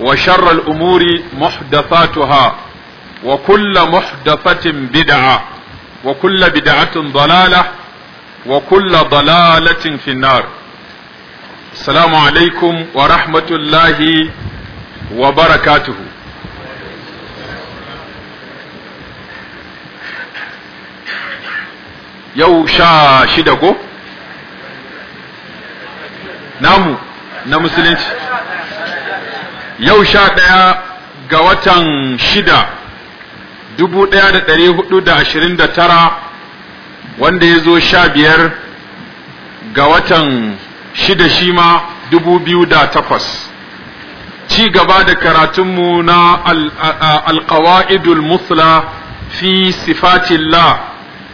وشر الأمور محدثاتها وكل محدثة بدعة وكل بدعة ضلالة وكل ضلالة في النار السلام عليكم ورحمة الله وبركاته yau sha shida ko? namu na musulunci yau sha ɗaya ga watan shida dubu ɗaya da ɗari hudu da ashirin da tara wanda ya zo sha biyar ga watan shida shi ma dubu biyu da takwas ci gaba da karatunmu na alƙawa'idul musla fi sifatillah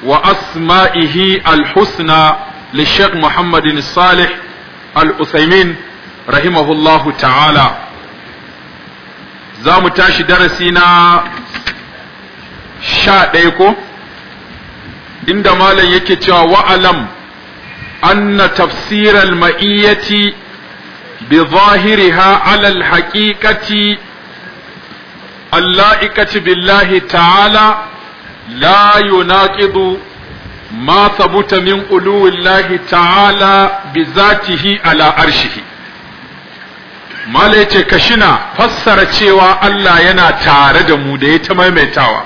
wa asma'ihi alhusna للشيخ محمد الصالح al usaimin rahimahullahu ta'ala. za mu tashi darasi na sha ɗaya ko inda malam yake cewa wa'alam anna tafsirar ma'iyyati bi zahiriha alal haƙiƙati اللائكة بالله ta'ala لا يناقض ما ثبت من ta'ala الله تعالى بذاته mala yace kashina fassara cewa Allah yana tare da mu da ya ta maimaitawa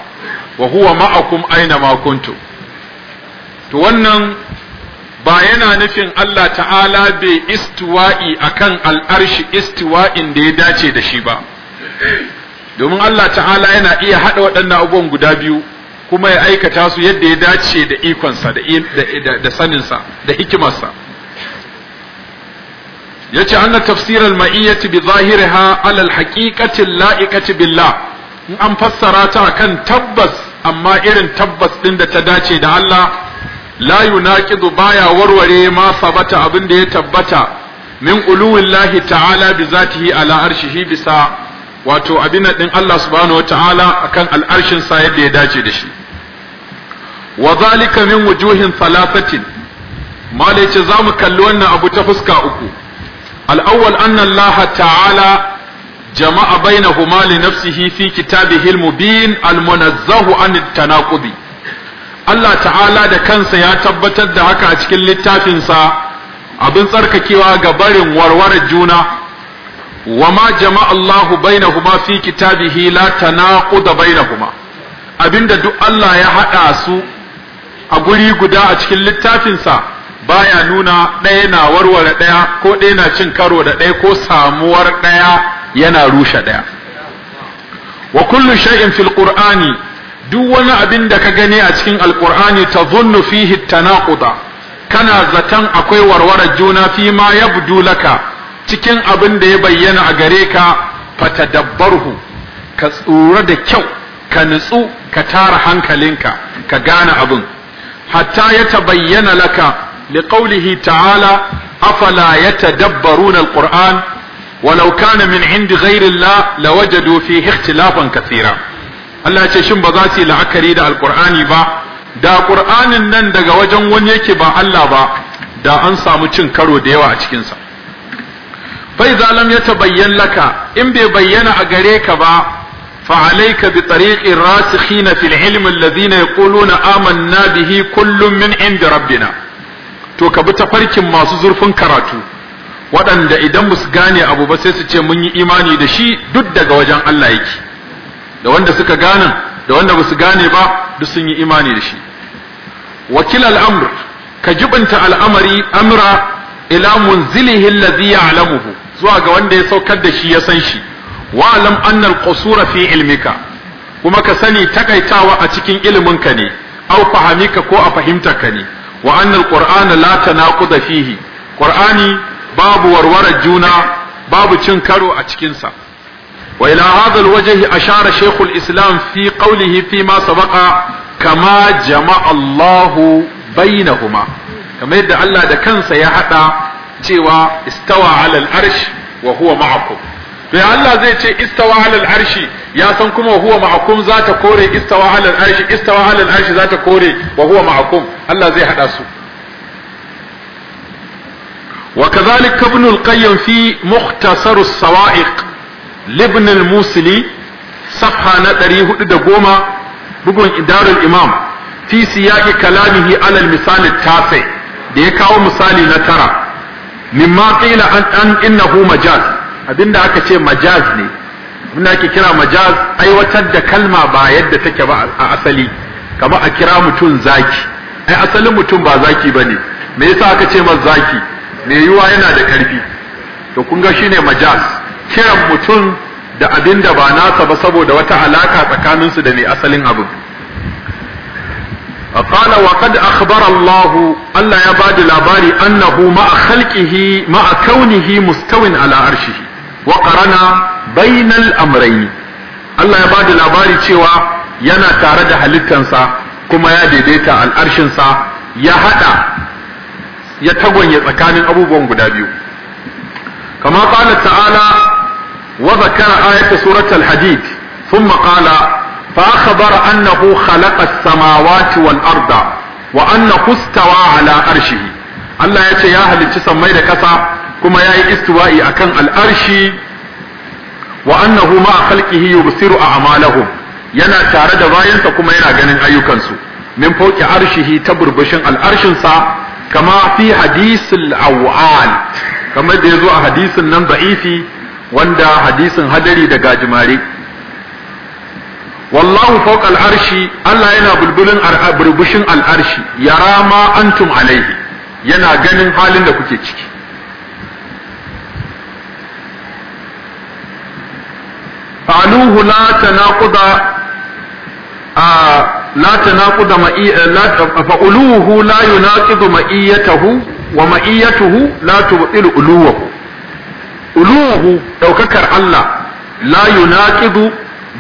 wa huwa ma'akum aina makuntu. to wannan ba yana nufin Allah ta'ala bai istiwa'i akan al'arshi istiwa'in da ya dace da shi ba domin Allah ta'ala yana iya haɗa waɗannan abubuwan guda biyu kuma ya aikata su yadda ya dace da ikonsa da saninsa da hikimarsa yace anna tafsir al-ma'iyyati bi zahiriha ala al-haqiqati al-la'iqati billah in an fassara ta kan tabbas amma irin tabbas din da ta dace da Allah la yunaqidu baya warware ma sabata abin da ya tabbata min uluwillahi ta'ala bi zatihi ala arshihi bisa wato abin din Allah subhanahu wa ta'ala akan al'arshin sa yadda ya dace da shi wa zalika min wujuhin thalathatin malai ce zamu kalli wannan abu ta fuska uku al'awwal anna Allah ta'ala jama'a bainahuma li nafsihi fi kitabihil mubin al-munazzahu an tanaqubi Allah ta'ala da kansa ya tabbatar da haka a cikin littafinsa abin tsarkakewa ga barin warware juna wama jama'a Allahu bainahuma fi kitabihi la tanaquda bainahuma abinda duk Allah ya hada su a guri guda a cikin littafinsa baya nuna ɗaya na warware ɗaya ko ɗaya na cin karo da ɗaya ko samuwar ɗaya yana rushe ɗaya wa kullu shay'in fil qur'ani duk wani abin da ka gani a cikin alqur'ani tadhunnu fihi tanaquda kana zaton akwai warware juna fi ma yabdu laka cikin abin da ya bayyana a gare ka Fata fatadabbarhu ka tsura da kyau ka nutsu ka tara hankalinka ka gane abin hatta ya ta bayyana laka لقوله تعالى أفلا يتدبرون القرآن ولو كان من عند غير الله لوجدوا فيه اختلافا كثيرا Allah ce shin ba za su yi la'akari da alkur'ani ba da ƙur'anin nan daga wajen wani yake ba Allah ba da an samu cin karo da yawa a cikinsa fai zalam ya tabayyan laka in bai bayyana a gare ka ba fa ka bi tariqir rasikhina fil ilmi alladhina yaquluna amanna bihi kullun min inda rabbina to ka bi tafarkin masu zurfin karatu waɗanda idan musu gane abu ba sai su ce mun yi imani da shi duk daga wajen Allah yake da wanda suka gane da wanda ba su gane ba duk sun yi imani da shi wakil al'amr ka jibinta al'amari amra ila munzilihi alladhi ya'lamuhu zuwa ga wanda ya saukar da shi ya san shi wa alam anna al-qusura fi ilmika kuma ka sani takaitawa a cikin ka ne au fahamika ko a ka ne wa annal latana la tanaquda fihi qur'ani babu warware juna babu cin karo a cikin sa wa ila hadha a share shaykh Islam fi qawlihi fi ma sabaqa kama jama'a Allah huma. kamar yadda Allah da kansa ya hada cewa istawa ala al-arsh wa sai Allah zai ce ista wahalar arshi ya san kuma huwa ma'akum zata kore istawa alal arshi istawa alal arshi zata kore wa huwa ma'akum Allah zai hada su wa kadhalika ibn al-qayyim fi mukhtasar as-sawa'iq ibn al safha na 410 bugun idarul imam fi siyaqi kalamin alal misal at da ya kawo misali na tara mimma qila an innahu majaz abinda aka ce majaz ne abinda ake kira majaz aiwatar da kalma ba yadda take ba a asali kamar a kira mutum zaki ai asalin mutum ba zaki bane me yasa aka ce masa zaki me yiwa yana da karfi to kun ga shine majaz kiran mutum da abinda ba nasa ba saboda wata alaka tsakaninsu da mai asalin abu. قال وقد أخبر الله ألا يباد الأباري أنه مع خلقه مع كونه مستو على عرشه wa qarana bainal Allah ya bada labari cewa yana tare da halittansa kuma ya daidaita al'arshinsa ya hada ya tagwanye tsakanin abubuwan guda biyu kamar qala ta'ala wa zakara ayata suratul hadid thumma qala fa akhbara annahu khalaqa as-samawati wal arda wa annahu istawa ala arshihi Allah ya ce ya halicci sammai da ƙasa. kuma ya yi istiwa'i a kan al'arshi wa annahu ma'a khalqihi yubsiru a'malahum yana tare da bayansa kuma yana ganin ayyukansu min fauki arshihi ta burbushin al'arshinsa kama fi hadisul awal kamar da ya zo a hadisin nan ba'ifi, wanda hadisin hadari da gajimare wallahu fauk al'arshi Allah yana bulbulin burbushin al'arshi yara ma antum alaihi yana ganin halin da kuke ciki قالوه لا تناقض لا تناقض فألوه لا يناقض مئيته ومئيته لا تبطل ألوه ألوه لو ككر الله لا يناقض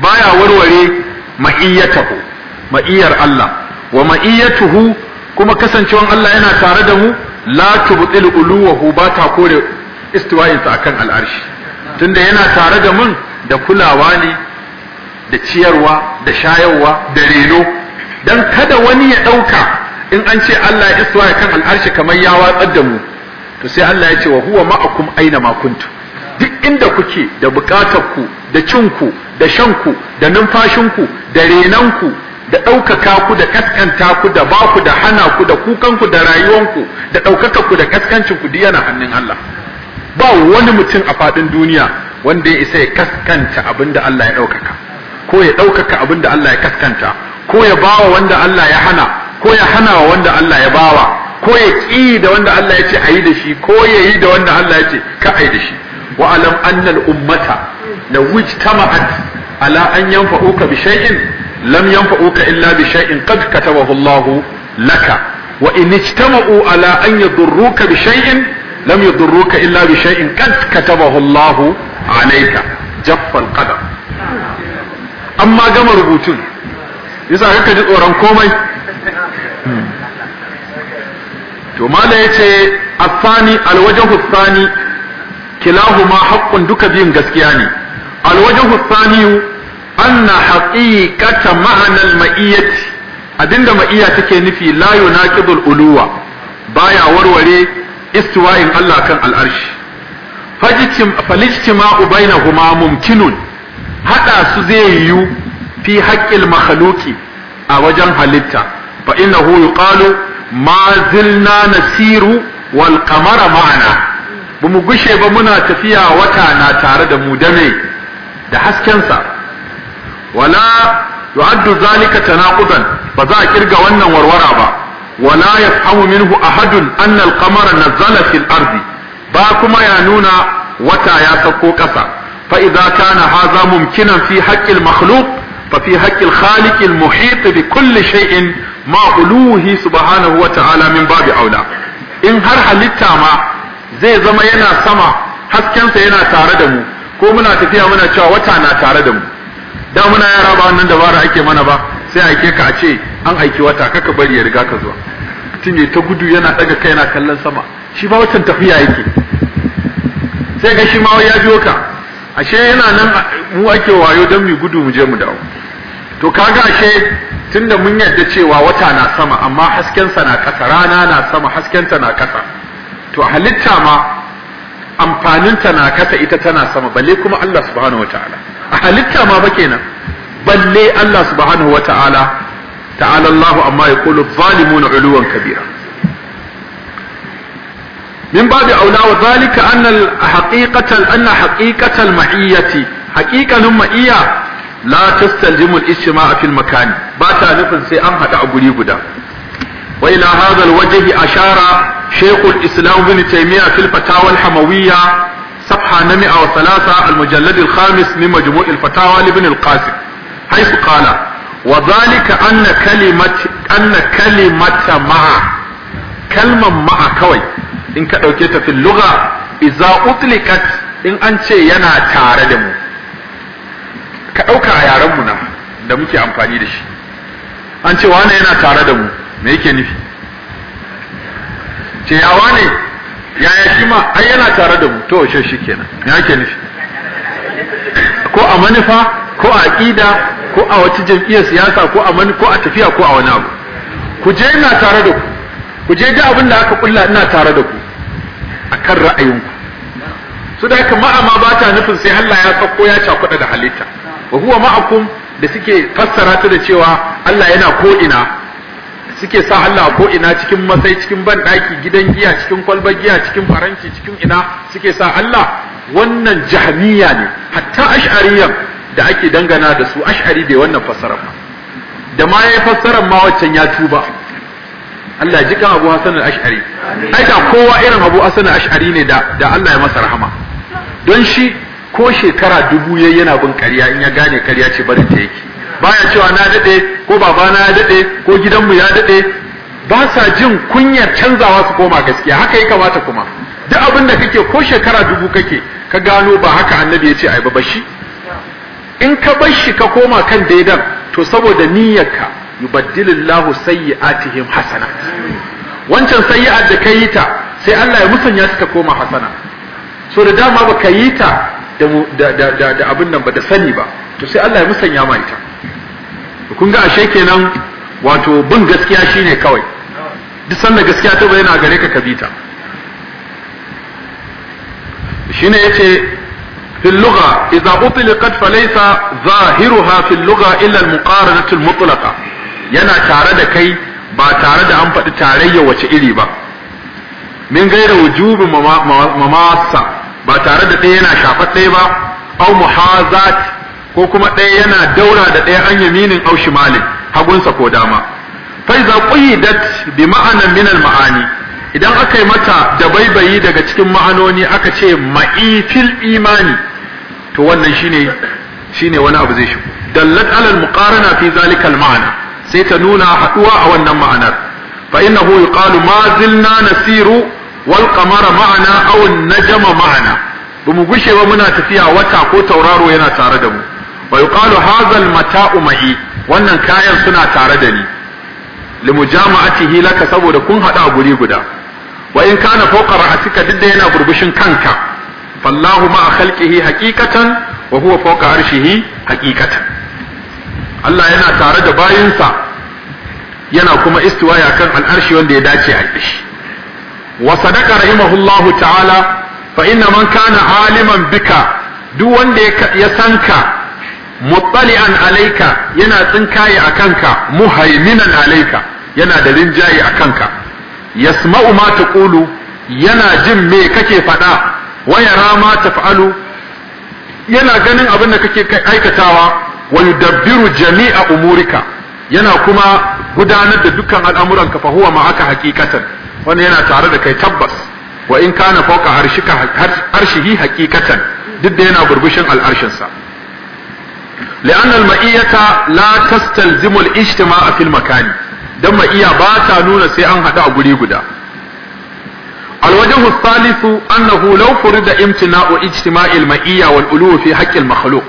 بايا وروري مئيته مئير الله ومئيته كما كسن شوان الله أنا تارده لا تبطل ألوه باتا كور استوائنسا أكن الأرش تند ينا تارده من da kulawa ne da ciyarwa da shayarwa da reno don kada wani ya ɗauka in an ce Allah ya iswa ya kan al'arshi kamar ya watsar da mu to sai Allah ya ce wa huwa ma'akum aina ma kuntu duk inda kuke da bukatarku da cinku da shanku da numfashinku da renanku da ɗaukaka ku da kaskanta ku da baku da hana ku da kukanku da rayuwanku da ɗaukaka ku da kaskancinku ku yana hannun Allah ba wani mutum a faɗin duniya wanda ya isa ya kaskanta abinda Allah ya ɗaukaka ko ya ɗaukaka abinda Allah ya kaskanta ko ya bawa wanda Allah ya hana ko ya hana wanda Allah ya bawa ko ya ƙi da wanda Allah ya ce a yi da shi ko ya yi da wanda Allah ya ce ka a yi da shi wa alam annal ummata la wujtama'at ala an yanfa'uka bi shay'in lam yanfa'uka illa bi shay'in qad katabahu Allah laka wa in ijtama'u ala an yadurruka bi shay'in lam yadurruka illa bi shay'in qad katabahu Allah alayka jaffal qadar amma gama rubutun yasa kaka ji tsoron komai to mala yace afani alwajhu thani kilahuma haqqun duka biyun gaskiya ne alwajhu thani anna haqiqata ma'ana alma'iyyati abinda ma'iya take nufi la yunaqidul uluwa baya warware istiwa'in Allah kan al'arshi falijtima'u bainahuma mumkinun Haɗa su zai yiwu fi haqqil makhluqi a wajen halitta fa innahu yuqalu ma zilna nasiru wal kamara ma'ana Mu gushe ba muna tafiya wata na tare da mu dame da haskensa wala yu'addu zalika tanaqudan ba za a kirga wannan warwara ba wala yafhamu minhu ahadun annal al-qamara nazala fil ardi ba kuma ya nuna wata ya sako ƙasa fa idza kana hadha fi haqqi al-makhluq fa fi haqqi al-khaliq al bi kulli shay'in ma uluhi subhanahu wa ta'ala min babi aula in har halitta ma zai zama yana sama haskensa yana tare da mu ko muna tafiya muna cewa wata na tare da mu damuna muna yara ba wannan dabara ake mana ba sai aike ka a ce an aiki wata kaka bari ya riga ka zuwa mutum ne ta gudu yana daga kai yana kallon sama shi ba watan tafiya yake sai ga shi ma ya biyo ka ashe yana nan mu ake wayo don mu gudu mu je mu dawo to kaga ashe tunda mun yarda cewa wata na sama amma haskensa na ƙasa rana na sama ta na ƙasa to halitta ma amfaninta na kasa ita tana sama balle kuma Allah subhanahu wataala a halitta ma ba kenan balle Allah subhanahu wata'ala ta'ala Allah amma ya kulu zalimuna uluwan kabira min babu aula wa zalika anna haqiqatan anna haqiqatal ma'iyyati haqiqanin ma'iyya la tastalzimu al-ijtima'a fil makani ba ta nufin sai an hada a guri guda wa ila hadha al-wajh ashara shaykh al-islam ibn taymiyyah fil fatawa al-hamawiyya صفحة 103 المجلد الخامس من مجموع الفتاوى لابن القاسم haifu kala wa zalika anna kalimata ma'a kalman ma'a kawai in ka dauke ta fil lugha idza utlikat in an ce yana tare da mu ka dauka a yaran mu nan da muke amfani da shi an ce wane yana tare da mu me yake nufi ce ya wane yaya shi ma ai yana tare da mu to shi kenan me yake nufi ko a manufa ko a ƙida. ko a wata jam'iyyar siyasa ko a ko a tafiya ko a wani abu ku je ina tare da ku ku je da abin da aka kulla ina tare da ku akan ra'ayinku su da haka ma'ama ba ta nufin sai Allah ya tsakko ya cakuɗa da halitta wa huwa ma'akum da suke fassara ta da cewa Allah yana ko ina suke sa Allah ko ina cikin matsayi cikin ban daki gidan giya cikin kwalbar giya cikin faranci cikin ina suke sa Allah wannan jahmiya ne hatta ash'ariyan da ake dangana da su ash'ari bai wannan fassarar ba da ma ya fassarar ma waccan ya tuba Allah ji kan Abu Hassan al-Ash'ari ai da kowa irin Abu Hassan al-Ash'ari ne da da Allah ya masa rahama don shi ko shekara dubu yayi yana bin ƙarya in ya gane ƙarya ce bari ta yake baya cewa na dade ko babana ya dade ko gidanmu ya dade ba sa jin kunyar canzawa su koma gaskiya haka ya kamata kuma duk abin da kake ko shekara dubu kake ka gano ba haka annabi ya ce ai ba shi in ka bar shi ka koma kan daidan to saboda niyyarka yubaddilillahu sayyi'atihim hasanat wancan sayyi'ar da kai ta sai Allah ya musanya ta koma hasana so da dama baka yi ta da da da abin nan ba da sani ba to sai Allah ya musanya ma ita kun ga ashe kenan wato bin gaskiya shine kawai duk sanda gaskiya ta yana gare ka ka bi ta shine yace في اللغة إذا أطلقت فليس ظاهرها في اللغة إلا المقارنة المطلقة ينا تارد كي با تارد أنفت تارية وشئلي با من غير وجوب مماسة با تارد تينا شافت تيبا أو محاذات ko kuma ɗaya yana daura da ɗaya an yaminin au mali, hagunsa ko dama fa iza qidat bi ma'anan min ma'ani idan aka yi mata da baibayi daga cikin ma'anoni aka ce ma'ifil imani to wannan shine shine wani abu zai shigo dallat alal muqarana fi zalika al ma'ana sai ta nuna haduwa a wannan ma'anar fa innahu yuqalu ma zilna nasiru wal qamara ma'ana aw an najma ma'ana bamu gushe ba muna tafiya wata ko tauraro yana tare da mu wa yuqalu hadha al mata'u wannan kayan suna tare da ni hila laka saboda kun hada guri guda wa in kana fawqa ra'atika duk da yana burbushin kanka fallahu ma khalqihi hakikatan wa huwa fawqa arshihi Allah yana tare da bayinsa yana kuma istiwaye akan al'arshi wanda ya dace a shi wa sadaka rahimahullahu ta'ala Fa'ina inna man aliman bika duk wanda ya sanka muttali'an alaika yana tsinkaye akanka muhaiminan alaika. yana da rinjaye akanka yasma'u ma taqulu yana jin me kake faɗa wa yara ma taf'alu yana ganin abin da kake aikatawa wa yudabbiru jami'a umurika yana kuma gudanar da dukkan al'amuran fa huwa ma'aka haqiqatan wannan yana tare da kai tabbas wa in kana fawqa arshika arshihi haqiqatan duk da yana burbushin al'arshinsa لأن المئية لا تستلزم الاجتماع في المكان دم مئية باتا نونا سي أنها دا أقولي الوجه الثالث أنه لو فرد امتناع اجتماع المئية والألوه في حق المخلوق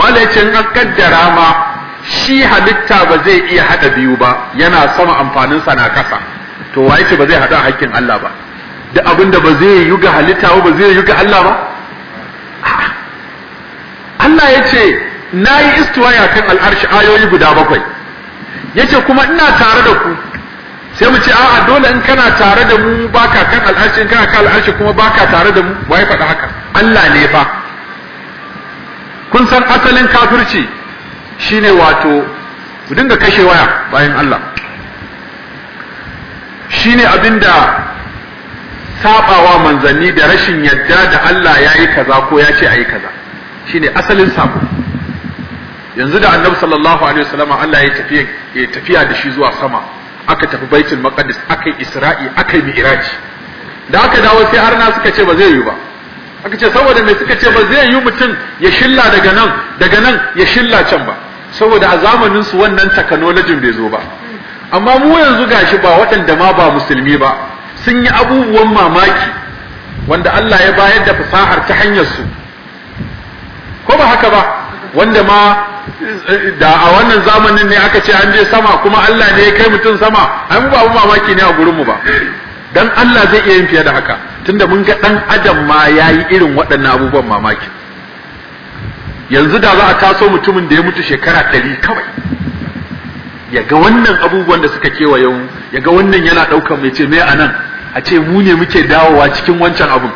ما لكن قدر ما shi halitta ba zai iya hada biyu ba yana sama amfanin sa na to wa yace ba zai hada hakkin Allah ba da abinda ba zai yi ga halitta ba zai yi ga Allah ba Allah yace nayi istiwaya kan al'arshi ayoyi guda bakwai yace kuma ina tare da ku sai mu ce a'a dole in kana tare da mu baka kan al'arshi in kana kan al'arshi kuma baka tare da mu wai faɗa haka Allah ne fa kun san asalin kafirci shine wato ku dinga kashe waya bayan Allah shine abinda sabawa manzanni da rashin yadda da Allah ya yi kaza ko ya ce a yi kaza shine asalin sabo yanzu da annabi sallallahu alaihi wasallam Allah ya tafiya da shi zuwa sama aka tafi baitul maqdis aka yi isra'i aka yi mi'raji da aka dawo sai arna suka ce ba zai yi ba aka ce saboda mai suka ce ba zai yi mutum ya shilla daga nan daga nan ya shilla can ba saboda a zamanin su wannan technology bai zo ba amma mu yanzu gashi ba waɗanda ma ba musulmi ba sun yi abubuwan mamaki wanda Allah ya bayar da fasahar ta hanyar su ko ba haka ba wanda ma da a wannan zamanin ne aka ce an je sama kuma Allah ne ya kai mutum sama an mu ba mu mamaki ne a gurin mu ba dan Allah zai iya yin fiye da haka tunda mun ga dan adam ma yayi irin waɗannan abubuwan mamaki yanzu da za a taso mutumin da ya mutu shekara ɗari kawai ya ga wannan abubuwan da suka kewaye mu ya ga wannan yana ɗaukar mai ce me anan a ce mu ne muke dawowa cikin wancan abun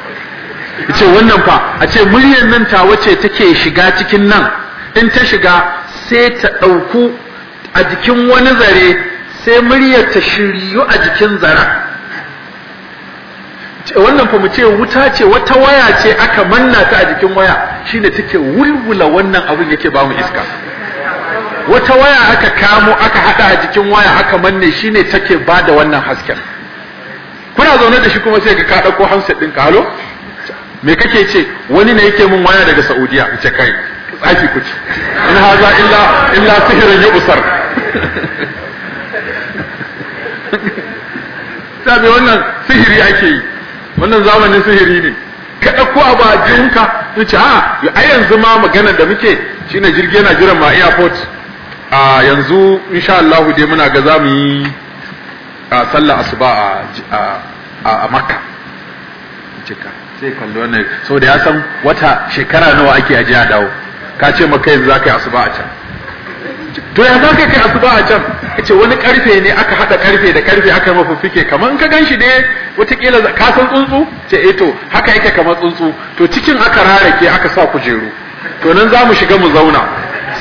ce wannan fa a ce muryar nan ta ce take shiga cikin nan in ta shiga sai ta ɗauku a jikin wani zare sai muryar ta shiryu a jikin zara wannan fa mu ce wuta ce wata waya ce aka manna ta a jikin waya shine take wulwula wannan abin yake ba mu iska wata waya aka kamo aka hada a jikin waya aka manne shine take ba da wannan hasken kuna zaune da shi kuma sai ka ka dauko handset din ka halo me kake ce wani ne yake mun waya daga Saudiya ce kai tsaki ku ci in haza illa illa sihirin yi usar sabe wannan sihiri ake yi wannan zamanin sihiri ne ka ɗauko abu a jinka in ce a ah, a yanzu ma maganar da muke shine jirgi yana jiran ma airport a yanzu insha Allah dai muna ga za mu yi a sallar asuba a makka ka sai kallo wannan saboda ya san wata shekara nawa ake ajiya dawo ka ce maka yanzu za ka yi asuba a can to ya za ka kai asuba a can ka ce wani karfe ne aka haɗa karfe da karfe aka mafi fike kamar ka gan shi ne watakila ka san tsuntsu ce eh haka yake kamar tsuntsu to cikin aka rarake aka sa kujeru to nan za mu shiga mu zauna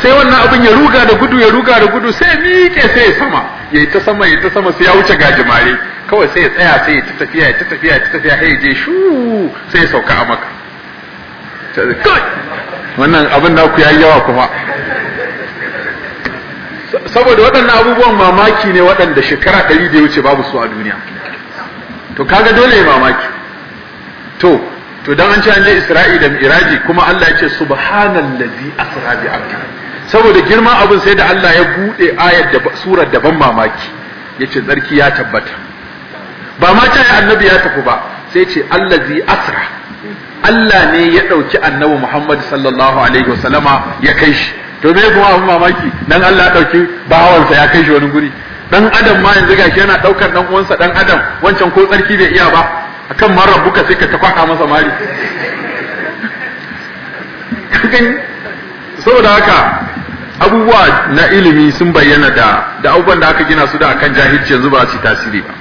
sai wannan abin ya ruga da gudu ya ruga da gudu sai miƙe sai ya sama ya yi ta sama ya ta sama sai ya wuce gajimare kawai sai ya tsaya sai ya tafiya ya ta tafiya ya ta tafiya ya je shu sai ya sauka a maka wannan abin da ku yayi yawa kuma saboda waɗannan abubuwan mamaki ne waɗanda shekara ɗari da ya wuce babu su a duniya to kaga dole mamaki to to dan an ce an je Isra'i da Miraji kuma Allah ya ce subhanallazi asra bi abdi saboda girman abin sai da Allah ya bude ayar da surar da ban mamaki yace tsarki ya tabbata ba ma ta annabi ya tafi ba sai ce allazi asra Allah ne ya ɗauki annabi Muhammad sallallahu alaihi wasallama ya kai shi to me kuma abin mamaki dan Allah ya ɗauki bawansa ya kai shi wani guri dan adam ma yanzu gashi yana ɗaukar dan uwansa dan adam wancan ko tsarki bai iya ba akan man ka sai ka tafaka masa mari saboda haka abubuwa na ilimi sun bayyana da da abubuwan da aka gina su da akan jahilci yanzu ba su tasiri ba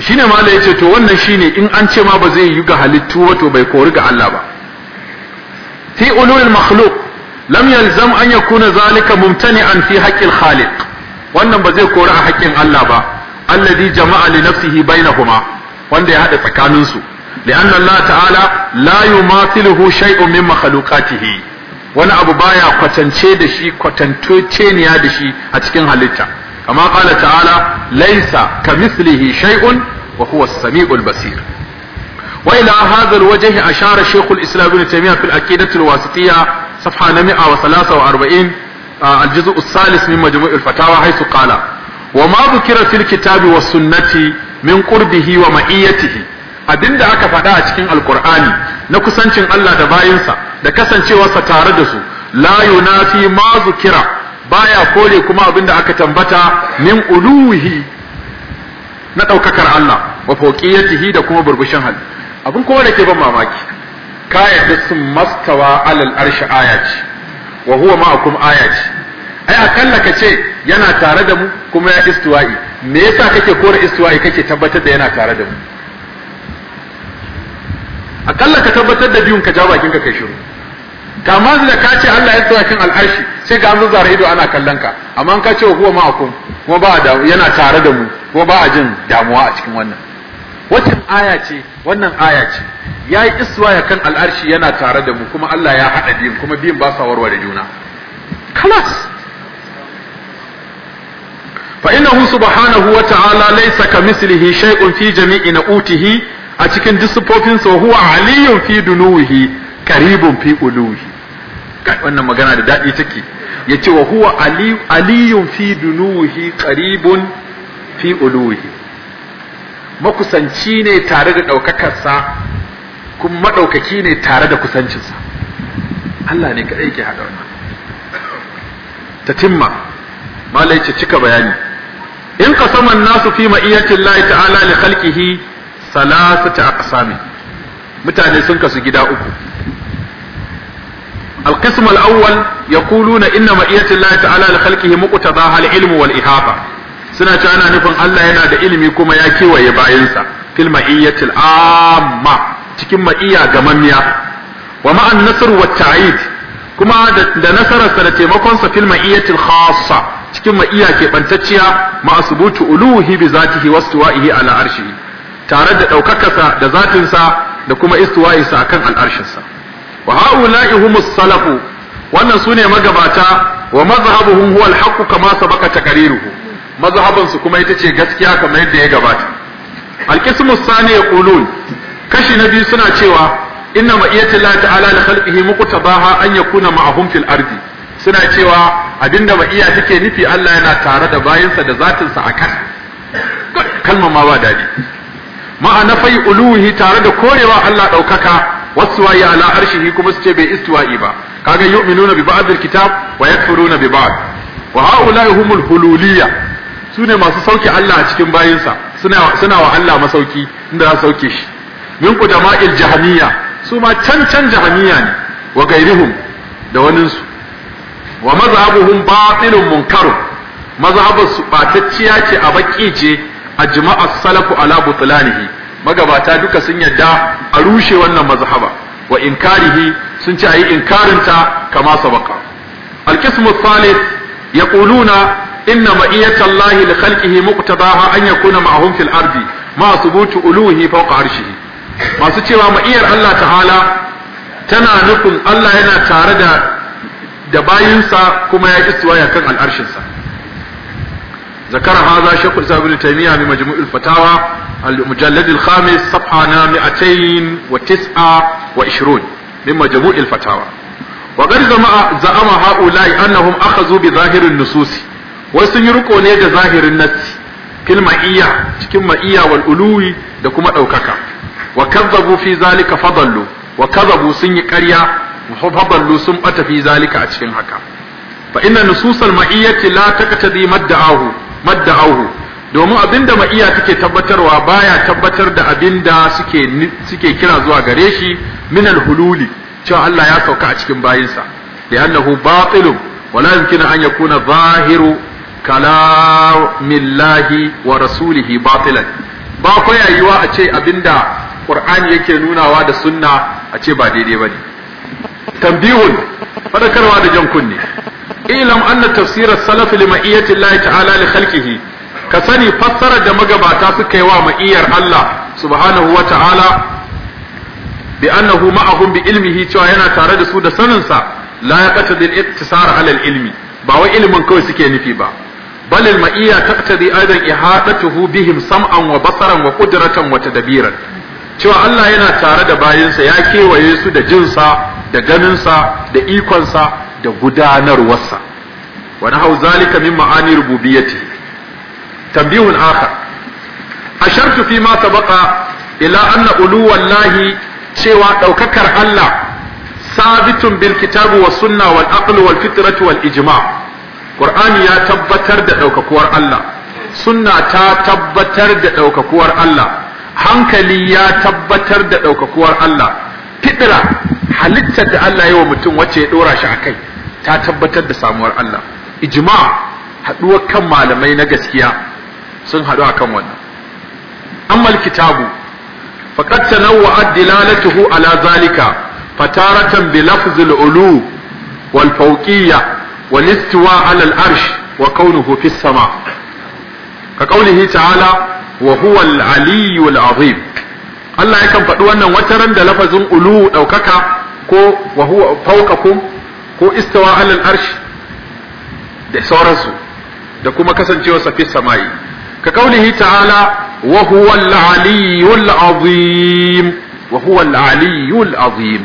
shine mala yace to wannan shine in an ce ma ba zai yi ga halittu wato to bai kori ga Allah ba fi ulul makhluq lam yalzam an yakuna zalika mumtani'an fi haqqil khaliq wannan ba zai kori a haƙƙin Allah ba alladhi jama'a li nafsihi bainahuma wanda ya hada tsakanin su لأن الله تعالى لا يماثله شيء من مخلوقاته wani abu baya kwatance da shi kwatantoceniya da shi a cikin halitta kama qala ta'ala laysa kamithlihi shay'un wa huwa as-sami'ul basir وإلى هذا الوجه أشار شيخ الإسلام ابن تيمية في العقيدة الواسطية صفحة 143 الجزء الثالث من مجموع الفتاوى حيث قال وما ذكر في الكتاب والسنة من قربه ومعيته abin da aka faɗa a cikin alkur'ani na kusancin Allah da bayinsa da kasancewarsa tare da su la yunafi ma baya kore kuma abinda aka tambata min uluhi na daukakar Allah wa fawqiyatihi da kuma burbushin hal abin kowa da ke ban mamaki ka yadda sun mastawa alal arshi aya ce wa huwa ma'akum aya ce ai akalla ka ce yana tare da mu kuma ya istiwa'i me yasa kake kore istiwa'i kake tabbatar da yana tare da mu akalla ka tabbatar da biyun ka ja bakin ka kai shiru kama da ka ce Allah ya tsaya kan al'arshi sai ga an zara ido ana kallon ka amma ka ce huwa ma'akum kuma ba da yana tare da mu kuma ba a jin damuwa a cikin wannan watan aya ce wannan aya ce ya yi ya kan al'arshi yana tare da mu kuma Allah ya haɗa biyun kuma biyun ba sa warware juna kalas fa innahu subhanahu wa ta'ala laysa kamislihi shay'un fi jami'i na'utihi a cikin disifofinsa huwa aliyun fi dunuhi karibun fi uluhi wannan magana da dadi take Ya ce, wa huwa ali aliyun fi dunuhi qaribun fi uluhi makusanci ne tare da ɗaukakarsa, kuma madaukaki ne tare da kusancinsa Allah ne kaɗai yake hada wannan timma malai ce cika bayani in kasaman nasu fi ma'iyati Allah ta'ala li khalqihi salasata aqsami mutane sun kasu gida uku القسم الأول يقولون إن مئية الله تعالى لخلقه مقتضاها العلم والإحاطة سنة أنا نفن الله ينادى علمي كما يكي ويباينسا في المئية العامة تكن مئية جمانية ومع النصر والتعيد كما دا نصر سنة مكونسا في المئية الخاصة تكن مئية كبنتتشيا مع ثبوت ألوه بذاته واستوائه على عرشه تارد أو ككسا دا ذاتنسا دا كما استوائه ساكن على عرشنسا wa haula'i humus salafu wannan sune magabata wa mazhabuhum huwa al-haqq kama sabaka taqriruhu mazhaban su kuma ita ce gaskiya kamar yadda ya gabata al sani yaqulun kashi na biyu suna cewa inna ma'iyatu la ta'ala li khalqihi muqtabaha an yakuna ma'ahum fil ardi suna cewa abinda ma'iya take nufi Allah yana tare da bayansa da zatinsa a akan kalma ma ba dadi ma'ana fai uluhi tare da korewa Allah ɗaukaka wastuwa'i ala arshihi kuma su ce bai istiwa'i ba kaga yu'minuna bi ba'd alkitab wa yakfuruna bi ba'd wa ha'ula'i humul hululiyya sune masu sauke Allah a cikin bayansa, suna suna wa Allah masauki inda za sauke shi min qudama'il jahmiyya su ma can can ne wa gairihum da waninsu wa mazhabuhum batilun munkarun mazhabar su batacciya ce a baki ce a jima'ar salafu ala butlanihi magabata duka sun yadda a rushe wannan mazhaba wa inkarihi sun ci ayi inkarinta kama sabaka alqismu thalith yaquluna inna ma'iyata allahi li khalqihi muqtadaha an yakuna ma'ahum fil ardi ma thubutu uluhi fawqa arshihi masu cewa ma'iyar Allah ta'ala tana nufin Allah yana tare da da bayinsa kuma ya kisuwa ya kan al'arshinsa ذكر هذا شيخ الإسلام ابن تيمية بمجموع الفتاوى المجلد الخامس صفحة 229 من مجموع الفتاوى وقد زعم هؤلاء أنهم أخذوا بظاهر النصوص وسن يرقوا نيجا ظاهر النص في المعية كما إيا والألوي دكما أوكاكا وكذبوا في ذلك فضلوا وكذبوا سن كريا فضلوا سمأة في ذلك أتشين هكا فإن نصوص المعية لا تقتضي ما ادعاه madda auhu domin abinda ma'iya take tabbatarwa baya tabbatar da abinda suke suke kira zuwa gare shi min hululi cewa Allah ya sauka a cikin bayinsa batil wa la yumkin an yakuna zahiru kalamillahi wa rasulihi batilan ba kwa yayuwa a ce abinda Qur'ani yake nunawa da sunna a ce ba daidai bane tambihun fadakarwa da jan kunne ilam anna tafsirar salaf li ma'iyyati ta'ala li khalqihi ka sani fassarar da magabata suka yi wa ma'iyyar Allah subhanahu wa ta'ala bi annahu ma'ahum bi ilmihi cewa yana tare da su da sanin sa la yaqtadi al-iktisar ala al-ilmi ba wai ilimin kawai suke nufi ba bal al-ma'iyya taqtadi aidan ihadatuhu bihim sam'an wa basaran wa qudratan wa tadbiran cewa Allah yana tare da bayinsa ya kewaye su da jinsa da ganinsa da ikonsa da gudanarwarsa Wani nahau zalika min ma'ani rububiyyati tanbihun akhar ashartu fi ma sabaqa ila anna uluwallahi cewa daukakar Allah sabitun bil kitabi was sunna wal aql wal wal ijma' Qur'ani ya tabbatar da ɗaukakuwar Allah, sunna ta tabbatar da ɗaukakuwar Allah, hankali ya tabbatar da ɗaukakuwar Allah, fitira halittar da Allah yi wa mutum wacce ya ɗora shi a kai, ta tabbatar da samuwar Allah ijma haduwar kan malamai na gaskiya sun hadu akan wannan amma alkitabu faqad tanawwa'at dilalatuhu ala zalika fataratan bi lafz al-ulu wal fawqiyya wal istiwa ala al-arsh wa kaunuhu fi sama ka kaulihi ta'ala wa huwa al-aliyyu al-azim Allah yakan faɗi wannan wataran da lafazin ulu ɗaukaka ko wa huwa fawqakum ko istawa alal arshi da sauransu da kuma kasancewa safi samayi ka kaulihi ta'ala wa huwa al-aliyyul azim wa huwa al-aliyyul azim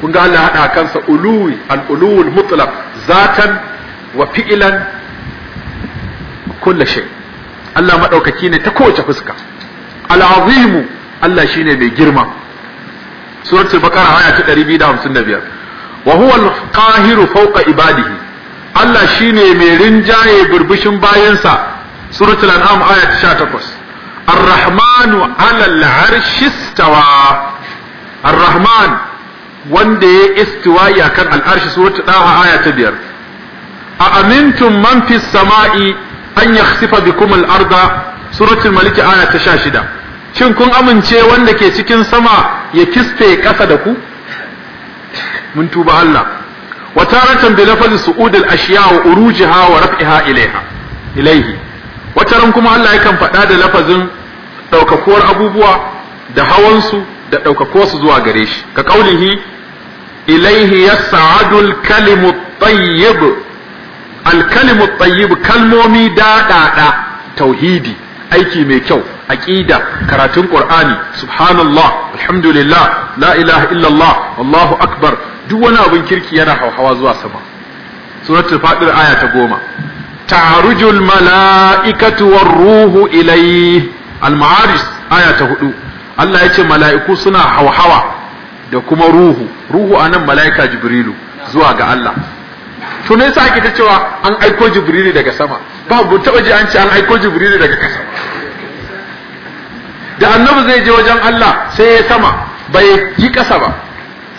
kun ga Allah hada kansa uluwi al-uluwul mutlaq zatan wa fi'lan kullu shay Allah madaukaki ne ta kowace fuska al-azim Allah shine mai girma suratul baqara aya ta 255 wa huwa al-qahiru fawqa ibadihi Allah shine mai rinjaye burbushin bayansa suratul an'am aya 18 ar-rahmanu 'ala al-'arshi istawa ar-rahman wanda ya istiwa akan al-arshi suratul daha aya ta 5 a amintum man fi sama'i an yakhsifa bikum al-arda suratul malik aya ta 16 shin kun amince wanda ke cikin sama ya kisfe kasa da ku mun tuba Allah wa taratan bi lafazi su'ud al ashiya wa urujiha wa raf'iha ilaiha ilaihi wataran kuma Allah yakan faɗa da lafazin daukakuwar abubuwa da hawan su da daukakuwar su zuwa gare shi ka kaulihi ilaihi yas'adu al kalimu at-tayyib al kalimu at-tayyib kalmomi daɗaɗa tauhidi aiki mai kyau aqida karatun qur'ani subhanallah alhamdulillah la ilaha illallah wallahu akbar duk wani abin kirki yana hauhawa zuwa sama suratul fadir aya ta goma ta'rujul mala'ikatu war ruhu ilayhi al ma'aris aya ta hudu Allah yace mala'iku suna hauhawa da kuma ruhu ruhu anan mala'ika jibrilu zuwa ga Allah to ne sai kike ta cewa an aiko jibrilu daga sama Ba babu taba ji an ce an aiko jibrilu daga kasa da annabi zai je wajen Allah sai ya sama bai yi kasa ba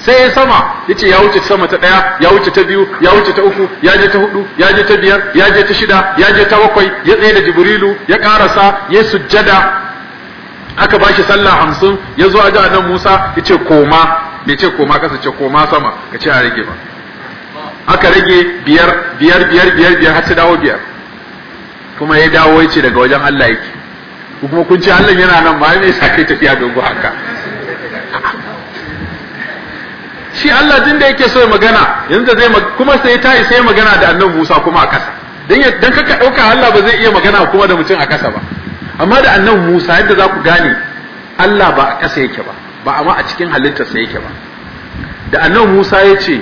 sai ya sama ce ya wuce sama ta ɗaya, ya wuce ta biyu ya wuce ta uku ya je ta hudu ya je ta biyar ya je ta shida ya je ta bakwai ya tsaye da jibrilu ya karasa ya sujjada aka ba shi sallah hamsin ya zo aji annabi Musa ce koma bai ce koma kasa ce koma sama ka ce a rage ba aka rage biyar biyar biyar biyar biyar har ta dawo biyar kuma ya dawo ce daga wajen Allah yake kuma kun ce Allah yana nan ba ne sa kai tafiya dogo haka shi Allah din da yake so ya magana yanzu zai kuma sai ta isa ya magana da annabi Musa kuma a kasa dan dan kaka dauka Allah ba zai iya magana kuma da mutum a kasa ba amma da annabi Musa yadda za ku gane Allah ba a kasa yake ba ba amma a cikin sai yake ba da annabi Musa ya ce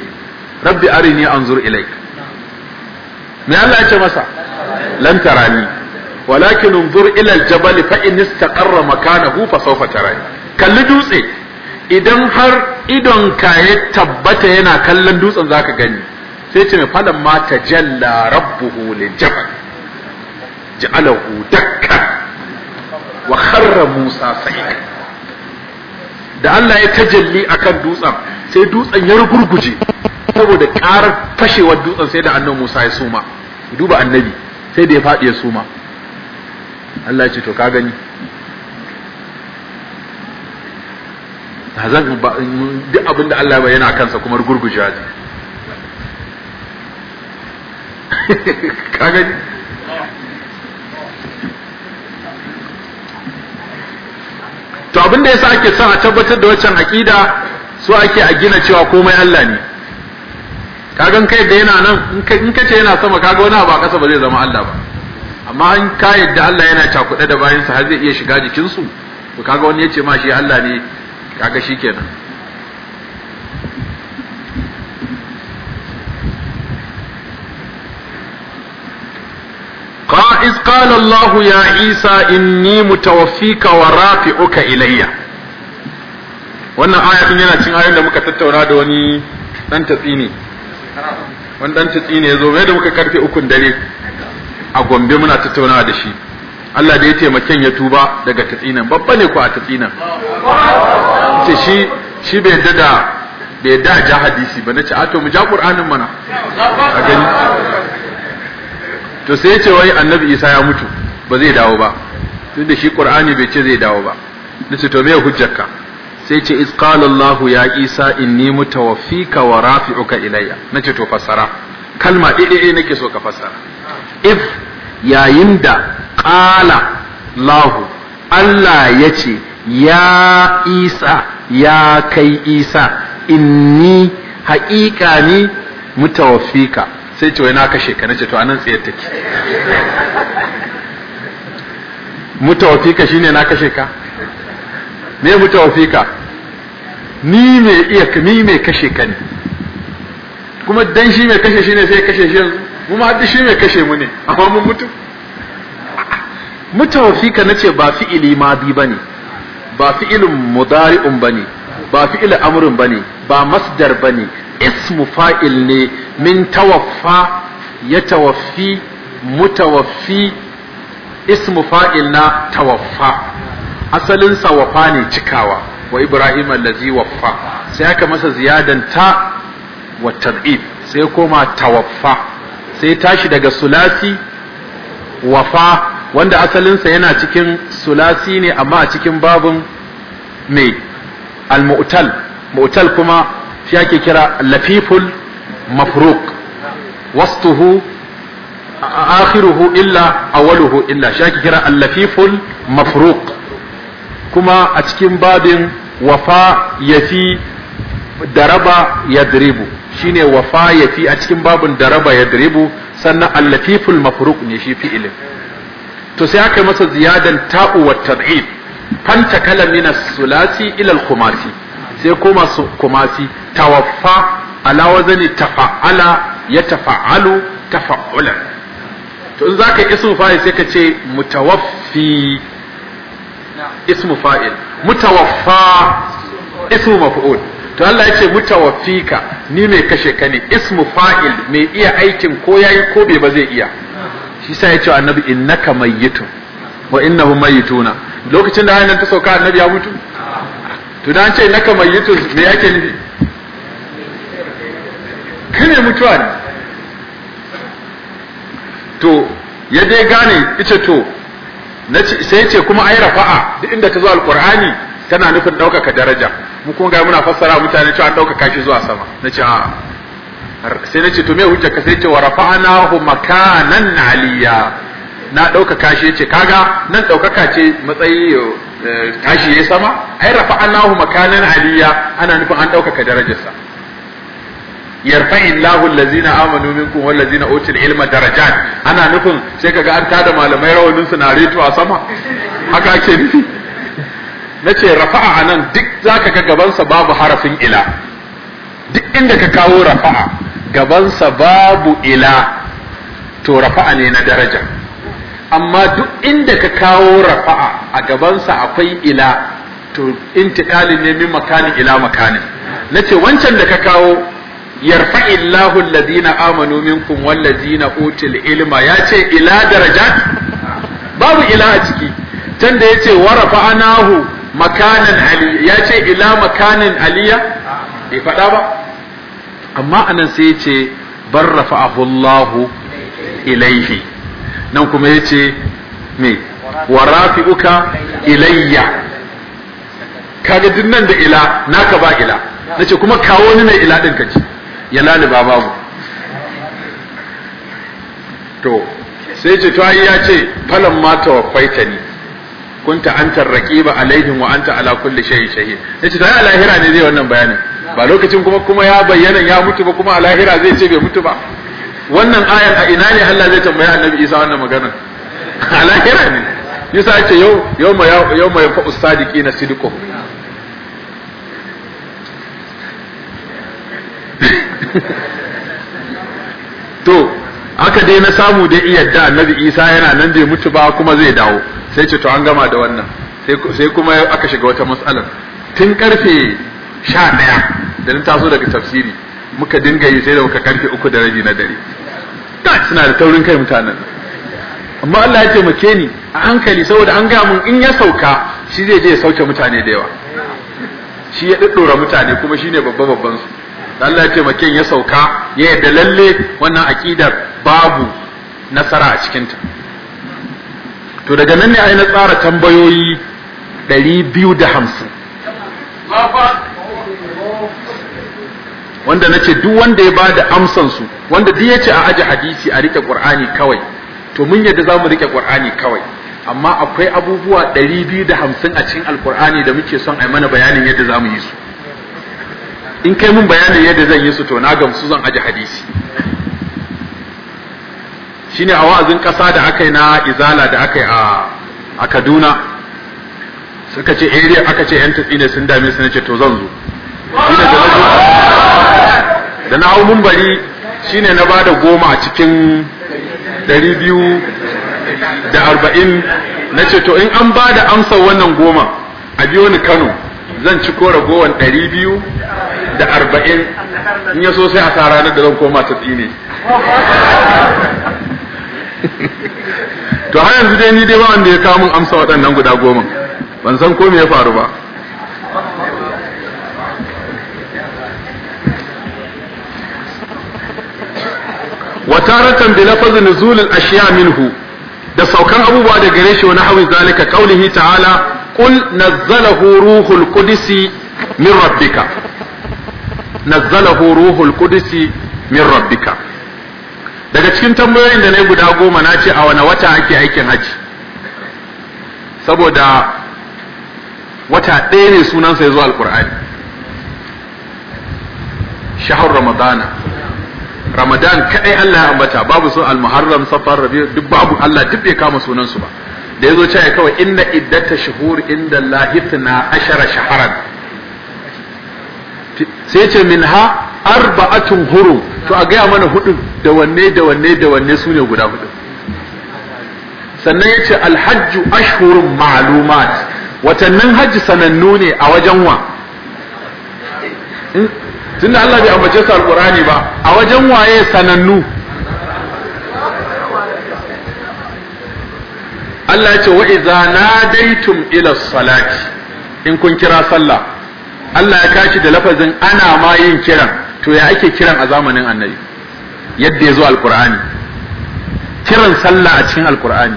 rabbi arini anzur ilaik me Allah ya ce masa lan tarani walakin unzur ila aljabal fa in istaqarra makanahu fa sawfa tarani kalli dutse idan har idonka ya tabbata yana kallon dutsen zaka gani sai ce falan ma tajalla rabbuhu lil jabal ja'alahu dakka wa kharra Musa sa'ika da Allah ya tajalli akan dutsen sai dutsen ya rugurguje saboda karar fashewar dutsen sai da annabi Musa ya suma duba annabi sai da ya faɗi ya suma Allah ya ce to ka gani hazan duk abin da Allah bayyana kansa kuma gurguja ne to abin da yasa ake son a tabbatar da waccan aqida so ake a gina cewa komai Allah ne kagan kai da yana nan in kace yana sama kaga wani abu a kasa ba zai zama Allah ba amma an ka yadda Allah yana cakuɗe da bayansa har zai iya shiga jikinsu to kaga wani ya ce ma shi Allah ne kaga shikenan قائز Allah ya Isa inni mutawaffika wa rafi'uka ilayya wannan aya din yana cin ayoyin da muka tattauna da wani dan tatsini wani dan tatsini ya zo bai da muka karfe ukun dare a Gombe muna tattauna da shi Allah da ya taimaken ya tuba daga tatsinan babba ne ko a tatsinan ce shi shi bai yadda da bai da ja hadisi ba nace a to mu ja qur'anin mana a gani to sai wai annabi isa ya mutu ba zai dawo ba tunda shi qur'ani bai ce zai dawo ba nace to me hujjarka sai ce iz qala allah ya isa inni mutawaffika wa rafi'uka ilayya nace to fassara kalma ɗaya nake so ka fassara if yayin da qala lahu Allah ya ce ya isa ya kai isa inni haƙiƙa ni mutawafika sai ce wai na kashe ka nace to anan tsayar take mutawafika shine na kashe ka me mutawafika ni me iya ni me kashe ka ne kuma dan shi me kashe shi ne sai kashe shi yanzu mu ma haddi shi me kashe mu ne amma mun mutu mutawafika nace ba fi'ili ma bi bane ba fi'ilun mudari'un bane ba fi'il amrun bane ba masdar bane ismu fa'il ne min tawaffa yatawaffi mutawaffi ismu fa'il na tawaffa asalin sa wafa ne cikawa wa ibrahim allazi waffa sai aka masa ziyadan ta wa tad'if sai koma tawaffa sai tashi daga sulasi wafa wanda asalinsa yana cikin sulasi ne amma a cikin babun mai al-mu'tal mu'tal kuma shi ake kira lafiful mafruq wastuhu akhiruhu illa awwaluhu illa shi ake kira al-lafiful mafruq kuma a cikin babin wafa yafi daraba yadribu shine wafa yafi a cikin babin daraba yadribu sannan al-lafiful mafruq ne shi fi'ilin to sai aka masa ziyadan ta'u wa tad'if fanta kala min as-sulasi ila al-khumasi sai kuma su kumasi tawaffa ala wazani tafa'ala ya tafa'alu tafa'ula to in zaka ismu fa'il sai ka ce mutawaffi ismu fa'il mutawaffa ismu maf'ul to Allah ya ce mutawaffika ni mai kashe ka ne ismu fa'il mai iya aikin ko yayi ko bai ba zai iya sai ya ce annabi innaka mayyitun wa innahum mayyituna lokacin da hayyan ta sauka annabi ya mutu to dan ce innaka mayyitun me yake nufi kine mutuwa ne to ya dai gane ita to sai ce kuma ai rafa'a duk inda ta zo alqur'ani tana nufin ɗaukaka daraja mu kuma ga muna fassara mutane cewa an ɗaukaka shi zuwa sama nace a'a sai na ce to me hujja ka sai ce wa rafa'nahu makanan aliya na ɗaukaka shi ce kaga nan ɗaukaka ce matsayi eh, tashi yayi sama ai rafa'nahu makanan aliya ana nufin an ɗaukaka darajarsa yarfa'in lahu allazina amanu minkum wal ladzina utul ilma darajat ana nufin sai kaga an tada malamai rawanin su na reto a sama haka ake nufi nace rafa'a anan duk zaka ga gaban sa babu harafin ila duk inda ka kawo rafa'a gabansa babu ila to rafa'a ne na daraja amma duk inda ka kawo rafa'a a gabansa akwai ila to intiqali ne min makani ila makani nace wancan da ka kawo yarfa'i Allahu alladhina amanu minkum wallazina utul ilma yace ila darajat babu ila a ciki can da yace wa rafa'anahu makanan ali yace ila makanin aliya bai faɗa ba amma anan sai ya ce bar rafa'ahu Allah ilaihi nan kuma ya ce me wa rafi'uka ilayya kaga din nan da ila naka ba ila ce kuma kawo ni mai ila din ya laliba babu to sai ce to ya ce wa kwaita ni, kunta antar raqiba alaihim wa anta ala kulli shay'in shahid nace to ai lahira ne zai wannan bayanin ba lokacin kuma kuma ya bayyana ya mutu ba kuma a lahira zai ce bai mutu ba wannan ayan a ina ne Allah zai tambaya annabi Isa wannan magana a lahira ne Isa ya ce yau yau ma yau ma yafa usadiki na sidiko to aka dai na samu da iyadda annabi Isa yana nan bai mutu ba kuma zai dawo sai ce to an gama da wannan sai kuma aka shiga wata matsalar tun karfe sha daya. da taso daga tafsiri muka dinga yi sai da muka karfe uku da rabi na dare ta suna da taurin kai mutanen amma Allah ya taimake ni a hankali saboda an ga mun in ya sauka shi zai je ya sauke mutane da yawa shi ya daddora mutane kuma shine babba babban su Allah ya taimake ya sauka ya yadda lalle wannan aqidar babu nasara a cikin ta to daga nan ne ai na tsara tambayoyi 250 wanda na ce duk wanda ya bada amsan su wanda duk ya ce a aji hadisi a rike qur'ani kawai to mun yadda za rike qur'ani kawai amma akwai abubuwa 250 a cikin alqur'ani da muke son a mana bayanin yadda za mu yi su in kai mun bayanin yadda zan yi su to na gamsu zan aji hadisi shine a wa'azin kasa da aka yi na izala da aka yi a Kaduna suka ce area aka ce yan tatsi ne sun dame su na ce to zan zo da na hau mumbari shine na bada goma a cikin ɗari biyu da arba'in na ce to in an bada amsa wannan goma a biyo ni kano zan ci ko ragowar ɗari biyu da arba'in in ya so sai a sa ranar da zan koma ta tsine to har yanzu dai ni dai ba wanda ya kawo min amsa waɗannan guda goma ban san ko me ya faru ba wa taratan bi lafazin nuzulul ashiya minhu da saukan abubuwa da gare shi wani hawi zalika qaulihi ta'ala qul nazzalahu ruhul qudsi min rabbika nazzalahu ruhul qudsi min rabbika daga cikin tambayoyin da na guda goma na ce a wani wata ake aikin haji saboda wata ɗaya ne sunansa ya zo alkur'ani shahar ramadana ramadan kadai Allah ya ambata babu sun al-muharram safar rabi duk babu Allah duk bai kama sunan su ba da yazo cewa kawai inna iddata shuhur inda lahitna ashara shaharan sai ce minha arba'atun huru to a gaya mana hudu da wanne da wanne da wanne sune guda hudu sannan yace alhajju ashhurun ma'lumat watannin hajji sanannu ne a wajen wa tunda Allah bai ambace su alqur'ani ba a wajen waye sanannu Allah ya ce wa idza nadaitum ila salati in kun kira sallah Allah ya kashi da lafazin ana ma yin kiran to ya ake kiran a zamanin annabi yadda ya zo alqur'ani kiran sallah a cikin alqur'ani